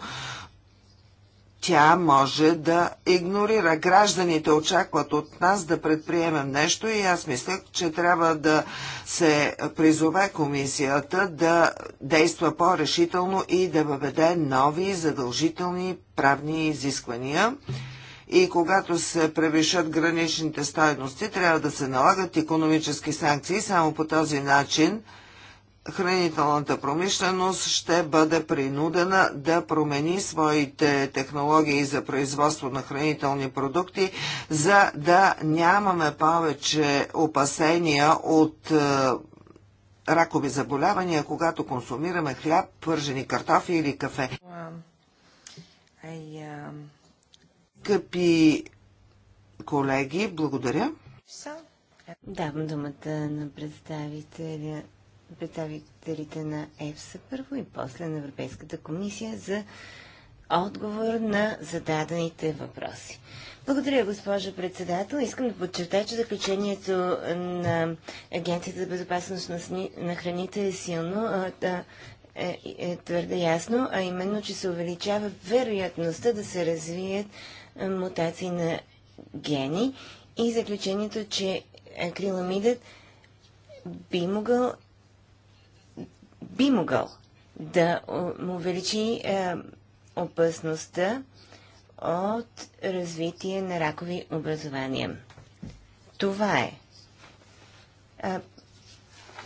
тя може да игнорира. Гражданите очакват от нас да предприемем нещо и аз мисля, че трябва да се призове комисията да действа по-решително и да въведе нови задължителни правни изисквания. И когато се превишат граничните стоености, трябва да се налагат економически санкции. Само по този начин хранителната промишленост ще бъде принудена да промени своите технологии за производство на хранителни продукти, за да нямаме повече опасения от е, ракови заболявания, когато консумираме хляб, пържени картофи или кафе. Е, е, Скъпи колеги, благодаря. Давам думата на представителя представителите на ЕФСА първо и после на Европейската комисия за отговор на зададените въпроси. Благодаря, госпожа председател. Искам да подчертая, че заключението на Агенцията за безопасност на храните е силно, е, е твърде ясно, а именно, че се увеличава вероятността да се развият мутации на гени и заключението, че акриламидът би могъл би могъл да увеличи опасността от развитие на ракови образования. Това е.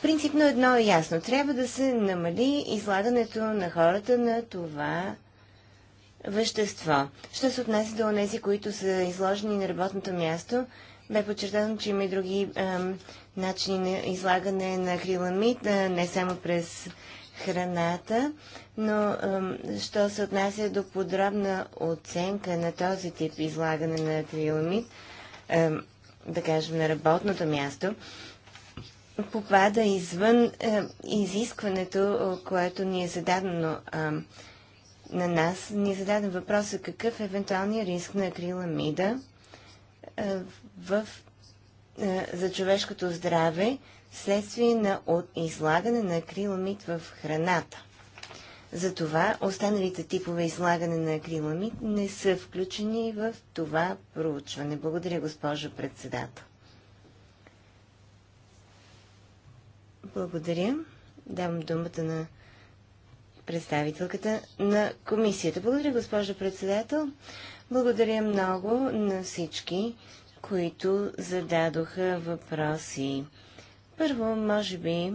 Принципно едно е ясно. Трябва да се намали излагането на хората на това вещество. Що се отнася до тези, които са изложени на работното място, бе подчертано, че има и други начини на излагане на акриламид, не само през храната, но що се отнася до подробна оценка на този тип излагане на акриламид, да кажем на работното място, попада извън изискването, което ни е зададено на нас. Ни е зададен въпросът какъв е евентуалният риск на акриламида в е, за човешкото здраве следствие на излагане на акриламид в храната. Затова останалите типове излагане на акриламид не са включени в това проучване. Благодаря, госпожо председател. Благодаря. Давам думата на представителката на комисията. Благодаря, госпожо председател. Благодаря много на всички които зададоха въпроси. Първо, може би,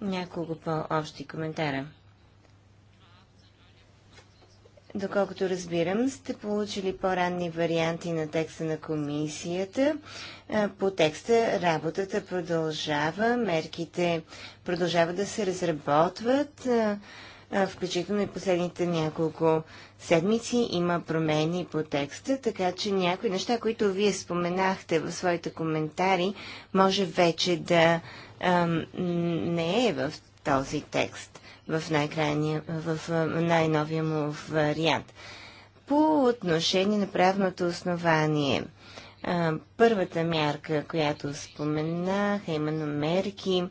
няколко по-общи коментара. Доколкото разбирам, сте получили по-ранни варианти на текста на комисията. По текста работата продължава, мерките продължават да се разработват включително и последните няколко седмици има промени по текста, така че някои неща, които вие споменахте в своите коментари, може вече да ам, не е в този текст, в, в най-новия му вариант. По отношение на правното основание, а, първата мярка, която споменах, е именно мерки,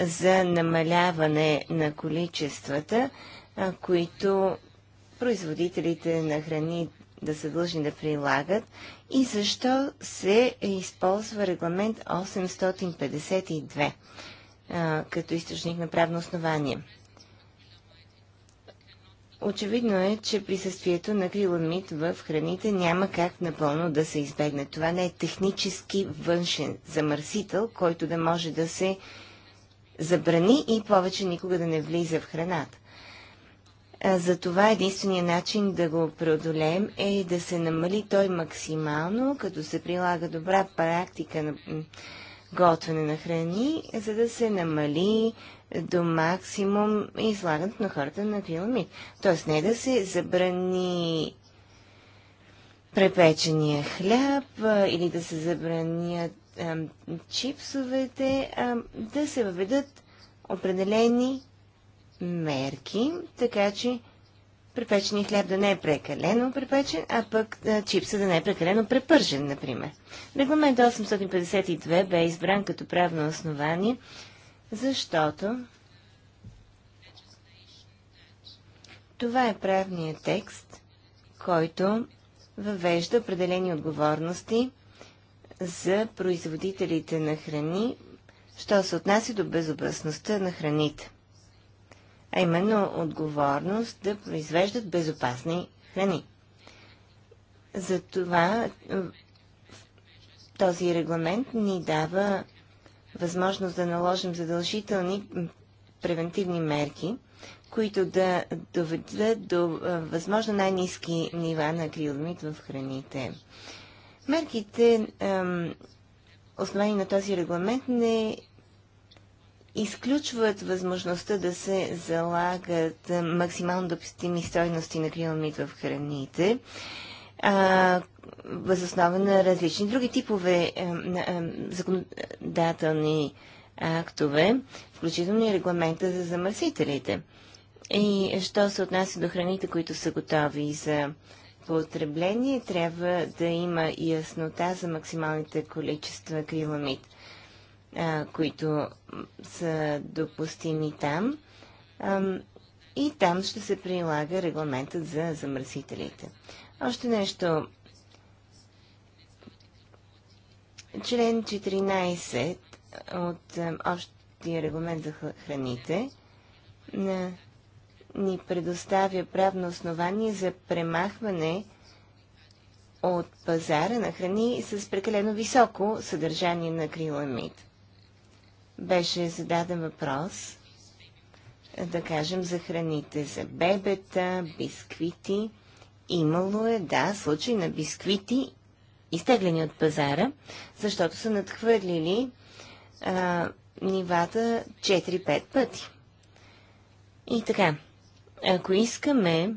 за намаляване на количествата, които производителите на храни да са длъжни да прилагат и защо се използва регламент 852 а, като източник на правно основание. Очевидно е, че присъствието на криломит в храните няма как напълно да се избегне. Това не е технически външен замърсител, който да може да се забрани и повече никога да не влиза в храната. Затова единственият начин да го преодолеем е да се намали той максимално, като се прилага добра практика на готвене на храни, за да се намали до максимум излагането на хората на филамид. Тоест не да се забрани препечения хляб или да се забранят чипсовете да се въведат определени мерки, така че препечения хляб да не е прекалено препечен, а пък чипса да не е прекалено препържен, например. Регламент 852 бе избран като правно основание, защото това е правният текст, който въвежда определени отговорности за производителите на храни, що се отнася до безопасността на храните. А именно отговорност да произвеждат безопасни храни. Затова е, този регламент ни дава възможност да наложим задължителни превентивни мерки, които да доведат до е, възможно най-низки нива на акриламид в храните. Мерките, основани на този регламент, не изключват възможността да се залагат максимално допустими стойности на криломит в храните, възоснова на различни други типове законодателни актове, включително и регламента за замърсителите. И що се отнася до храните, които са готови за потребление, трябва да има яснота за максималните количества акриламид, които са допустими там. и там ще се прилага регламентът за замърсителите. Още нещо. Член 14 от общия регламент за храните на ни предоставя правно основание за премахване от пазара на храни с прекалено високо съдържание на криламид. Беше зададен въпрос, да кажем, за храните за бебета, бисквити. Имало е, да, случай на бисквити, изтеглени от пазара, защото са надхвърлили а, нивата 4-5 пъти. И така, ако искаме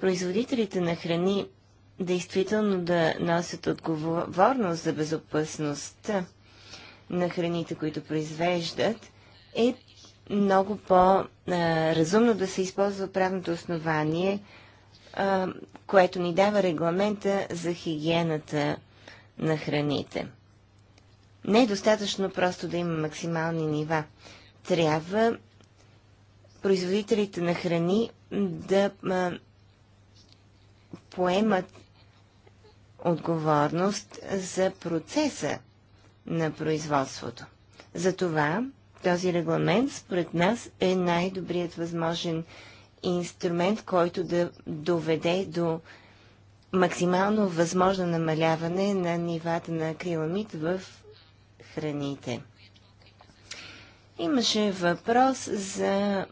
производителите на храни действително да носят отговорност за безопасността на храните, които произвеждат, е много по-разумно да се използва правното основание, което ни дава регламента за хигиената на храните. Не е достатъчно просто да има максимални нива. Трябва производителите на храни да поемат отговорност за процеса на производството. Затова този регламент, според нас, е най-добрият възможен инструмент, който да доведе до максимално възможно намаляване на нивата на акриламид в храните. Имаше въпрос за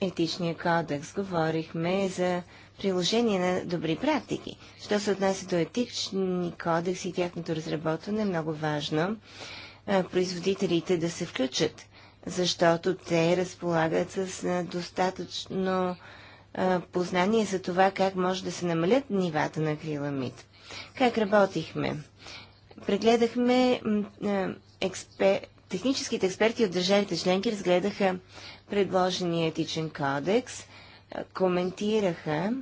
етичния кодекс. Говорихме за приложение на добри практики. Що се отнася до етични кодекси и тяхното разработване, е много важно производителите да се включат, защото те разполагат с достатъчно познание за това как може да се намалят нивата на криламид. Как работихме? Прегледахме експерт Техническите експерти от държавите членки разгледаха предложения етичен кодекс, коментираха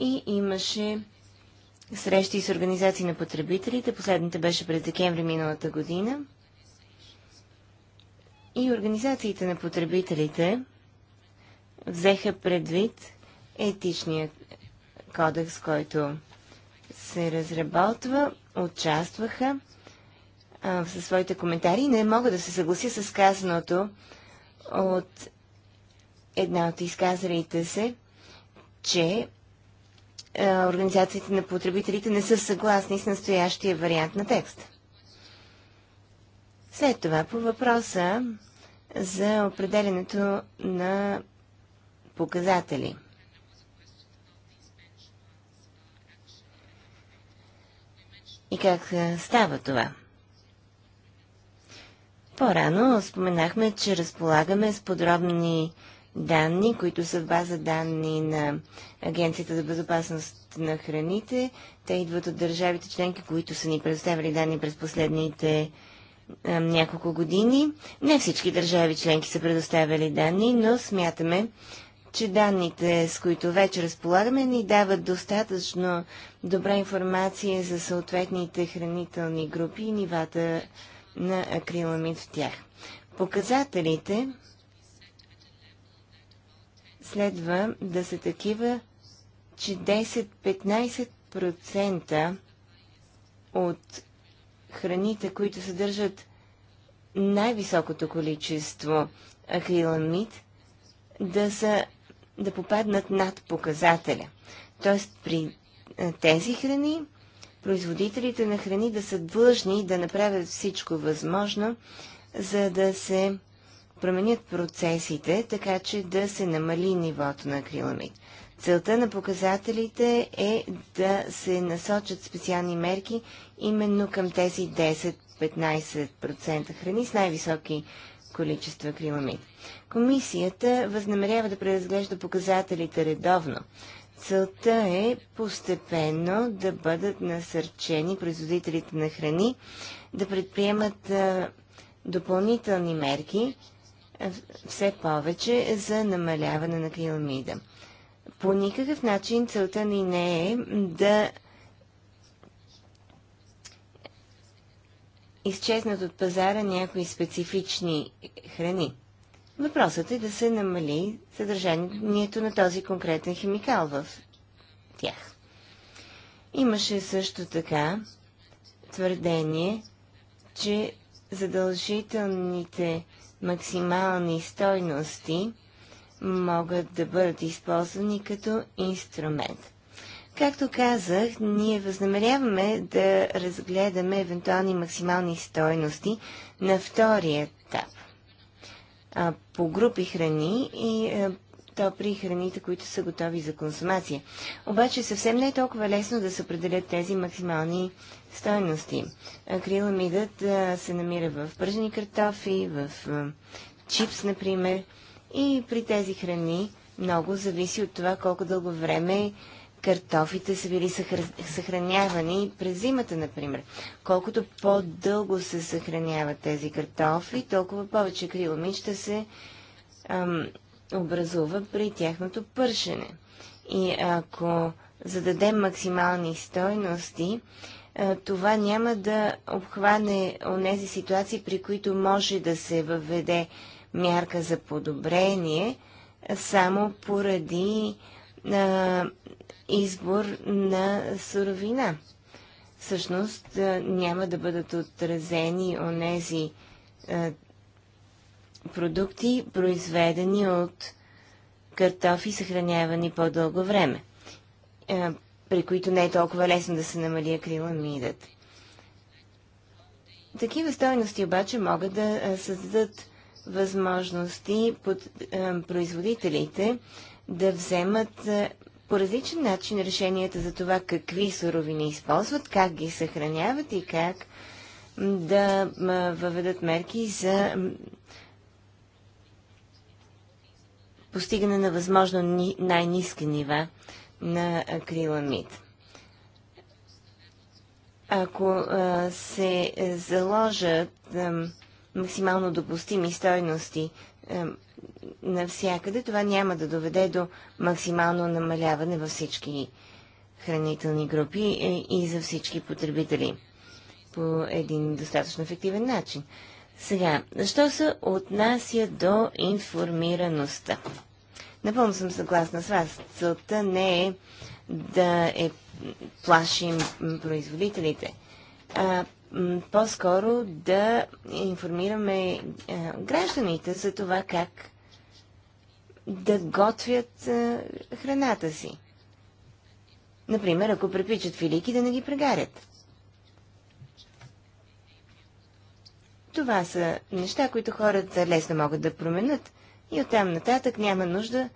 и имаше срещи с организации на потребителите. Последната беше през декември миналата година. И организациите на потребителите взеха предвид етичният кодекс, който се разработва, участваха а, със своите коментари. Не мога да се съглася с казаното от една от изказалите се, че а, организациите на потребителите не са съгласни с настоящия вариант на текст. След това по въпроса за определенето на показатели. И как става това? По-рано споменахме, че разполагаме с подробни данни, които са в база данни на Агенцията за безопасност на храните. Те идват от държавите членки, които са ни предоставили данни през последните няколко години. Не всички държави членки са предоставили данни, но смятаме, че данните, с които вече разполагаме, ни дават достатъчно добра информация за съответните хранителни групи и нивата на акриламид в тях. Показателите следва да са такива, че 10-15% от храните, които съдържат най-високото количество акриламид, да, са, да попаднат над показателя. Тоест при тези храни производителите на храни да са длъжни да направят всичко възможно, за да се променят процесите, така че да се намали нивото на акриламид. Целта на показателите е да се насочат специални мерки именно към тези 10-15% храни с най-високи количества акриламид. Комисията възнамерява да преразглежда показателите редовно, Целта е постепенно да бъдат насърчени производителите на храни да предприемат допълнителни мерки все повече за намаляване на киламида. По никакъв начин целта ни не е да изчезнат от пазара някои специфични храни. Въпросът е да се намали съдържанието на този конкретен химикал в тях. Имаше също така твърдение, че задължителните максимални стойности могат да бъдат използвани като инструмент. Както казах, ние възнамеряваме да разгледаме евентуални максимални стойности на втория етап а, по групи храни и а, е, при храните, които са готови за консумация. Обаче съвсем не е толкова лесно да се определят тези максимални стойности. Акриламидът а, се намира в пържени картофи, в а, чипс, например, и при тези храни много зависи от това колко дълго време картофите са били съхранявани през зимата, например. Колкото по-дълго се съхраняват тези картофи, толкова повече криломичта ще се ам, образува при тяхното пършене. И ако зададем максимални стойности, това няма да обхване онези ситуации, при които може да се въведе мярка за подобрение, само поради избор на суровина. Всъщност няма да бъдат отразени онези тези продукти, произведени от картофи, съхранявани по-дълго време, при които не е толкова лесно да се намали акриламидът. Такива стойности обаче могат да създадат възможности под производителите да вземат по различен начин решенията за това какви суровини използват, как ги съхраняват и как да въведат мерки за постигане на възможно най-низки нива на акриламид. Ако се заложат максимално допустими стойности навсякъде, това няма да доведе до максимално намаляване във всички хранителни групи е, и за всички потребители по един достатъчно ефективен начин. Сега, що се отнася до информираността? Напълно съм съгласна с вас. Целта не е да е плашим производителите, а по-скоро да информираме гражданите за това как да готвят а, храната си. Например, ако препичат филики, да не ги прегарят. Това са неща, които хората лесно могат да променят и оттам нататък няма нужда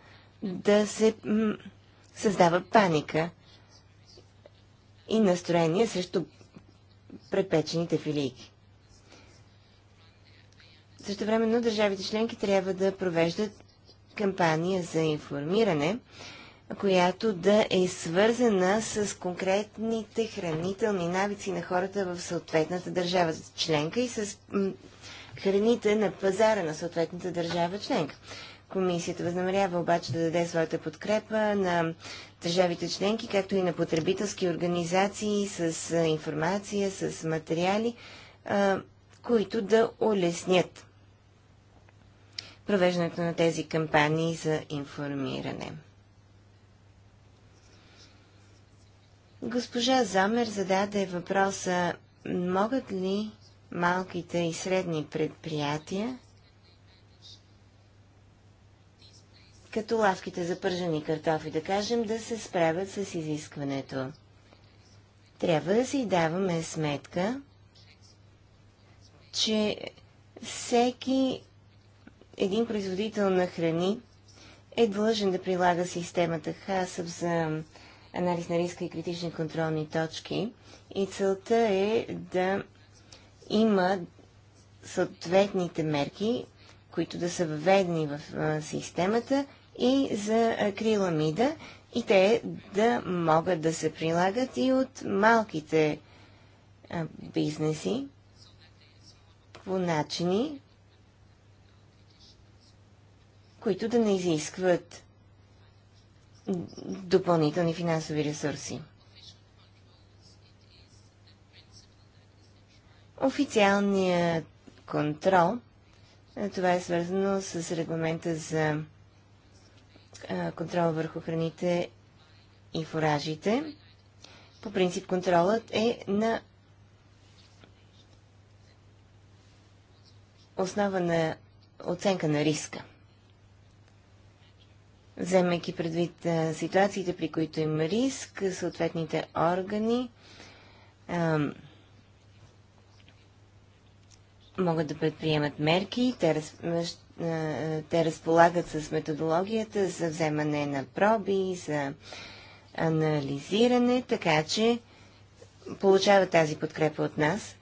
да се създава паника и настроение срещу препечените филийки. Също времено държавите членки трябва да провеждат кампания за информиране, която да е свързана с конкретните хранителни навици на хората в съответната държава членка и с храните на пазара на съответната държава членка. Комисията възнамерява обаче да даде своята подкрепа на държавите членки, както и на потребителски организации с информация, с материали, които да улеснят провеждането на тези кампании за информиране. Госпожа Замер зададе въпроса, могат ли малките и средни предприятия, като лавките за пържени картофи, да кажем, да се справят с изискването. Трябва да си даваме сметка, че всеки един производител на храни е длъжен да прилага системата ХАСАП за анализ на риска и критични контролни точки. И целта е да има съответните мерки, които да са въведени в системата и за акриламида, и те да могат да се прилагат и от малките бизнеси по начини, които да не изискват допълнителни финансови ресурси. Официалният контрол, това е свързано с регламента за контрол върху храните и фуражите. По принцип контролът е на основа на оценка на риска вземайки предвид ситуациите, при които има риск, съответните органи могат да предприемат мерки, те, раз, а, те разполагат с методологията за вземане на проби, за анализиране, така че получават тази подкрепа от нас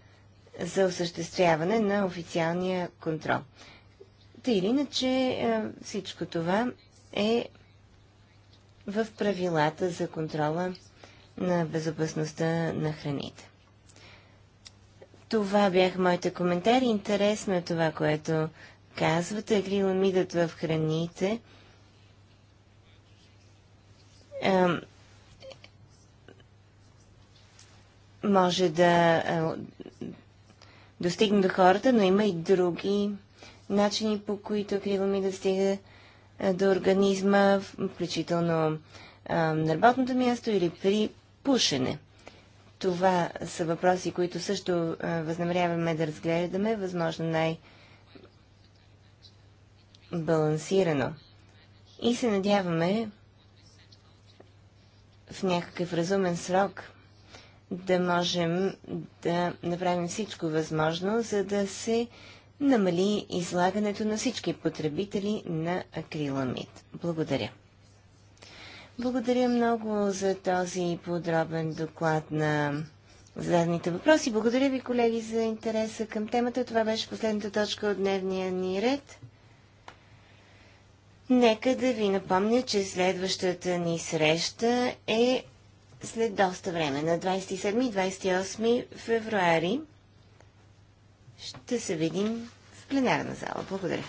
за осъществяване на официалния контрол. Та или иначе всичко това е в правилата за контрола на безопасността на храните. Това бяха моите коментари. Интересно е това, което казвате. Акриламидът в храните може да достигне до хората, но има и други начини, по които акриламидът стига е, до организма, включително на работното място или при пушене. Това са въпроси, които също възнамеряваме да разгледаме, възможно най-балансирано. И се надяваме в някакъв разумен срок да можем да направим всичко възможно, за да се намали излагането на всички потребители на акриламид. Благодаря. Благодаря много за този подробен доклад на зададените въпроси. Благодаря ви, колеги, за интереса към темата. Това беше последната точка от дневния ни ред. Нека да ви напомня, че следващата ни среща е след доста време, на 27 и 28 февруари ще се видим в пленарна зала. Благодаря.